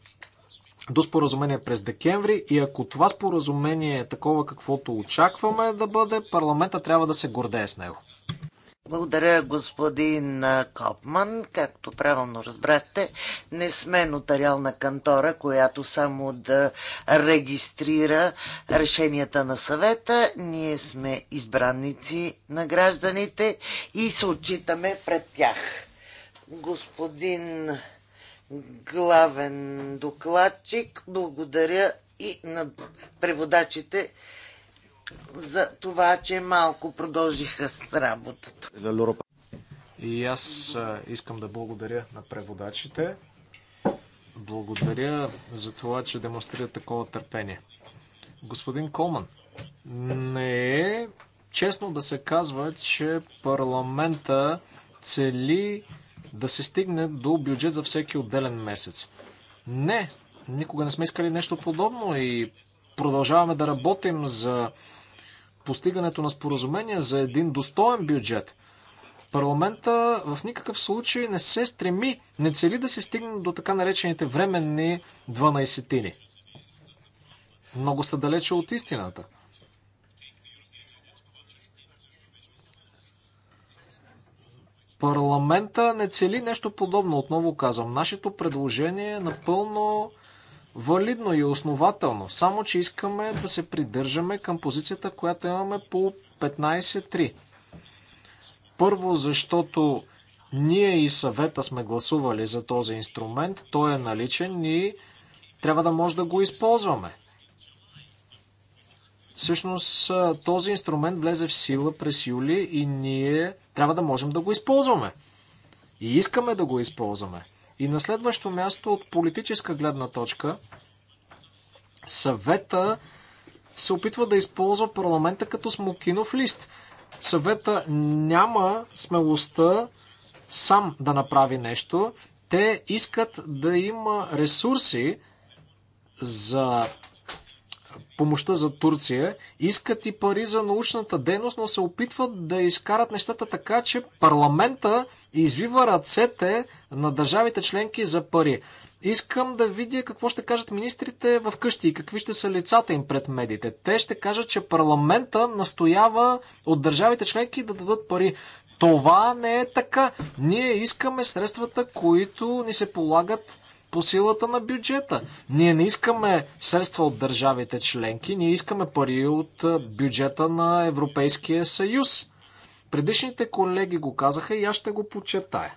до споразумение през декември и ако това споразумение е такова каквото очакваме да бъде, парламента трябва да се гордее с него. Благодаря, господин Копман. Както правилно разбрахте, не сме нотариална кантора, която само да регистрира решенията на съвета. Ние сме избранници на гражданите и се отчитаме пред тях. Господин главен докладчик, благодаря и на преводачите за това, че малко продължиха с работата. И аз искам да благодаря на преводачите. Благодаря за това, че демонстрират такова търпение. Господин Колман, не е честно да се казва, че парламента цели да се стигне до бюджет за всеки отделен месец. Не, никога не сме искали нещо подобно и продължаваме да работим за постигането на споразумение за един достоен бюджет. Парламента в никакъв случай не се стреми, не цели да се стигне до така наречените временни 12-тини. Много сте далече от истината. Парламента не цели нещо подобно, отново казвам. Нашето предложение е напълно валидно и основателно, само че искаме да се придържаме към позицията, която имаме по 15.3. Първо, защото ние и съвета сме гласували за този инструмент, той е наличен и трябва да може да го използваме. Всъщност този инструмент влезе в сила през юли и ние трябва да можем да го използваме. И искаме да го използваме. И на следващо място от политическа гледна точка, съвета се опитва да използва парламента като смокинов лист. Съвета няма смелостта сам да направи нещо. Те искат да има ресурси за помощта за Турция, искат и пари за научната дейност, но се опитват да изкарат нещата така, че парламента извива ръцете на държавите членки за пари. Искам да видя какво ще кажат министрите в къщи и какви ще са лицата им пред медиите. Те ще кажат, че парламента настоява от държавите членки да дадат пари. Това не е така. Ние искаме средствата, които ни се полагат по силата на бюджета. Ние не искаме средства от държавите членки, ние искаме пари от бюджета на Европейския съюз. Предишните колеги го казаха и аз ще го почетая.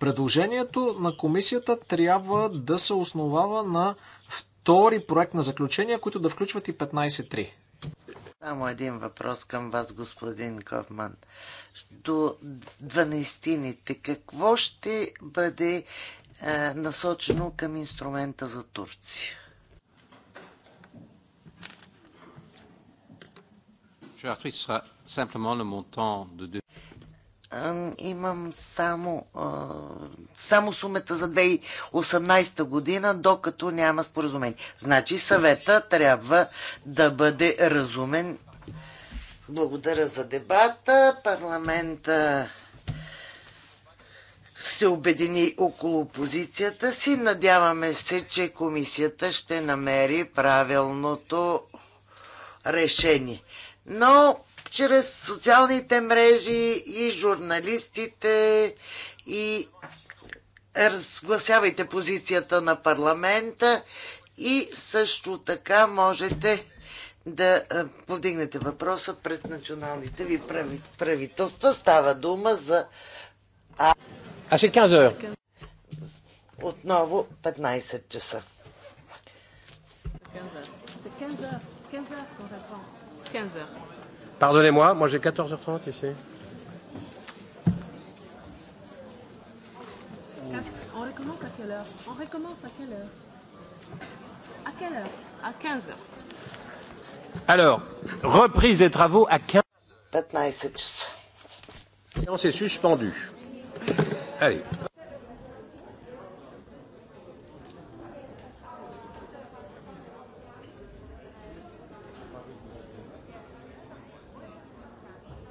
Предложението на комисията трябва да се основава на втори проект на заключения, които да включват и 15.3. Само един въпрос към вас, господин Ковман до 12-ните. Какво ще бъде а, е, насочено към инструмента за Турция? Имам само, само сумата за 2018 година, докато няма споразумение. Значи съвета трябва да бъде разумен благодаря за дебата. Парламента се обедини около позицията си. Надяваме се, че комисията ще намери правилното решение. Но чрез социалните мрежи и журналистите и разгласявайте позицията на парламента и също така можете да повдигнете въпроса пред националните ви правителства. Става дума за... А... Отново 15 часа. Pardonnez-moi, moi j'ai 14h30 ici. On recommence à quelle heure On recommence à quelle heure À quelle heure À 15h. Alors, reprise des travaux à 15... 15 часа. Séance est suspendue. Allez.